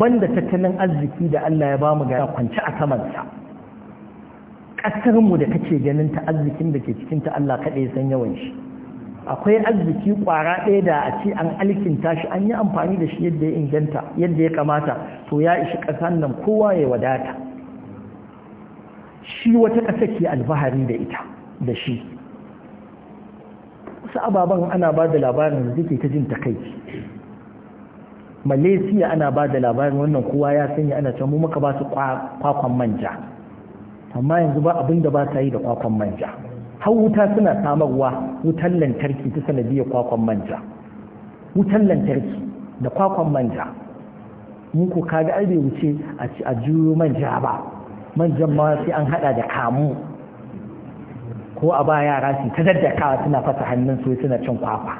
banda tattalin arziki da Allah ya bamu ga kwanci a kamansa ƙasar mu da kace ganin ta arzikin da ke cikin ta Allah kaɗai san yawan shi akwai arziki ƙwara ɗaya da a ce an alkinta shi an yi amfani da shi yadda ya inganta yadda ya kamata to ya ishi ƙasar nan kowa ya wadata shi wata ƙasa ke alfahari da ita da shi wasu ababen ana ba da labarin da ta jin takaici malaysia ana ba da labarin wannan kowa ya sanya ana can mu muka ba su kwakwan manja amma yanzu ba abin da ba ta yi da kwakwan manja har wuta suna samarwa wutan lantarki ta sanadiyar kwakwan manja wutan lantarki da kwakwan manja mun ko kaga ai bai wuce a juyo manja ba manjan ma sai an hada da kamu ko a ba yara su ta daddakawa suna fasa hannun su suna cin kwakwa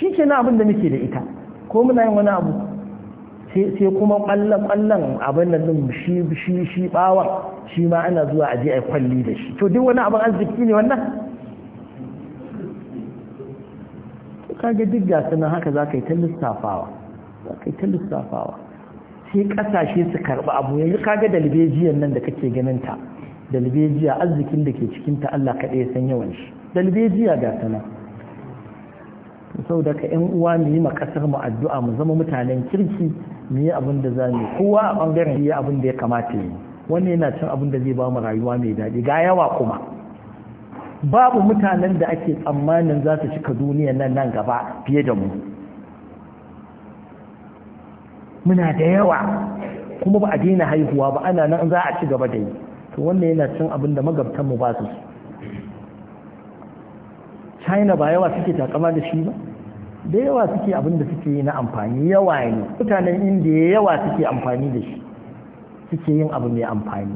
shi ke abin da muke da ita ko muna yin wani abu sai kuma kwallon-kwallon abin da zun shi shi shi bawa shi ma ana zuwa a je a kwalli da shi to duk wani abin arziki ne wannan ga duk gasu nan haka za ka yi ta lissafawa za ka yi ta lissafawa sai kasashe su karɓi abu yanzu kaga da libejiyan nan da kake ganin ta dalbejiya arzikin da ke cikin ta Allah kaɗai san yawan shi dalbejiya libejiya nan saboda ka yan uwa mu yi makasar mu addu'a mu zama mutanen kirki mu yi abin da za mu kowa a bangaren yi abin da ya kamata yi wannan yana cin abin da zai ba mu rayuwa mai daɗi ga yawa kuma babu mutanen da ake tsammanin za su cika duniya nan nan gaba fiye da mu muna da yawa kuma ba a daina haihuwa ba ana nan za a ci gaba da yi to wannan yana cin abin da magabtanmu ba su china ba yawa suke takama da shi ba da yawa suke abin da suke yi na amfani yawa ne mutanen indiya yawa suke amfani da shi suke yin abu mai amfani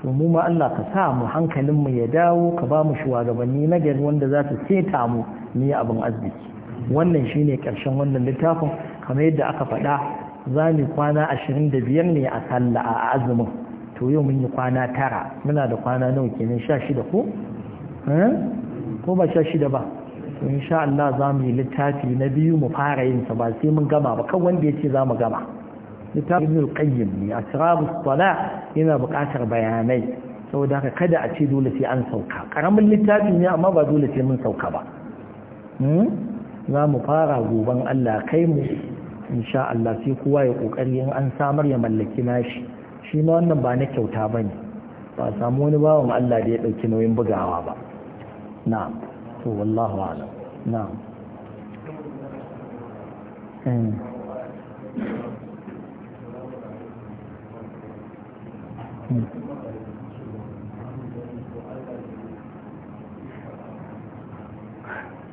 to mu ma Allah ka sa mu hankalin mu ya dawo ka ba mu shugabanni na gari wanda za su seta mu ni abin arziki wannan shi ne karshen wannan littafin kamar yadda aka faɗa za mu kwana 25 ne a sallah a azumin to yau mun yi kwana tara muna da kwana nawa kenan 16 ko ko ba shashi da ba to insha Allah za mu yi littafi na biyu mu fara yin sa ba sai mun gama ba kan wanda yace za mu gama littafin Ibn al-Qayyim ne asrabu salah yana buƙatar bayanai saboda haka kada a ce dole sai an sauka karamin littafi ne amma ba dole sai mun sauka ba hmm? za mu fara goban Allah kai mu insha Allah sai kowa ya kokari in an samar ya mallaki nashi shi ma wannan ba na kyauta bane ba samu wani bawan Allah da ya dauki nauyin bugawa ba na'am to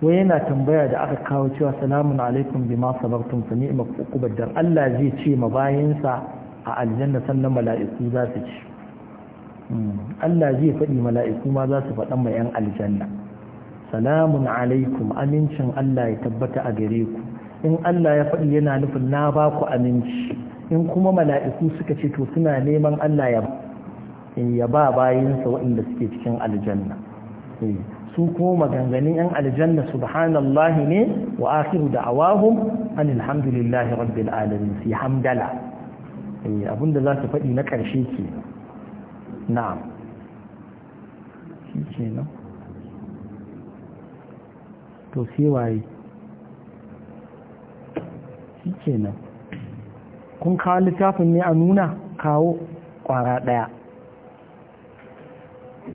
wai yana tambaya da aka kawo cewa salamun alaikum bi ma sabartum fa ni'ma uqubad Allah zai ce ma bayansa a aljanna sannan mala'iku za ci Allah zai faɗi mala'iku ma zasu su ma 'yan aljanna salamun alaikum amincin Allah ya tabbata a gare ku in Allah ya faɗi yana nufin na ba ku aminci in kuma mala'iku suka ce to suna neman Allah ya ya ba bayansa waɗanda suke cikin aljanna eh, su kuma maganganun yan aljanna subhanallahi ne wa akhiru da'awahum an alhamdulillahi rabbil alamin fi hamdala eh, abinda za su faɗi na ƙarshe ke na'am shi na'am to sai waye shi kenan kun kawo littafin ne a nuna kawo kwara ɗaya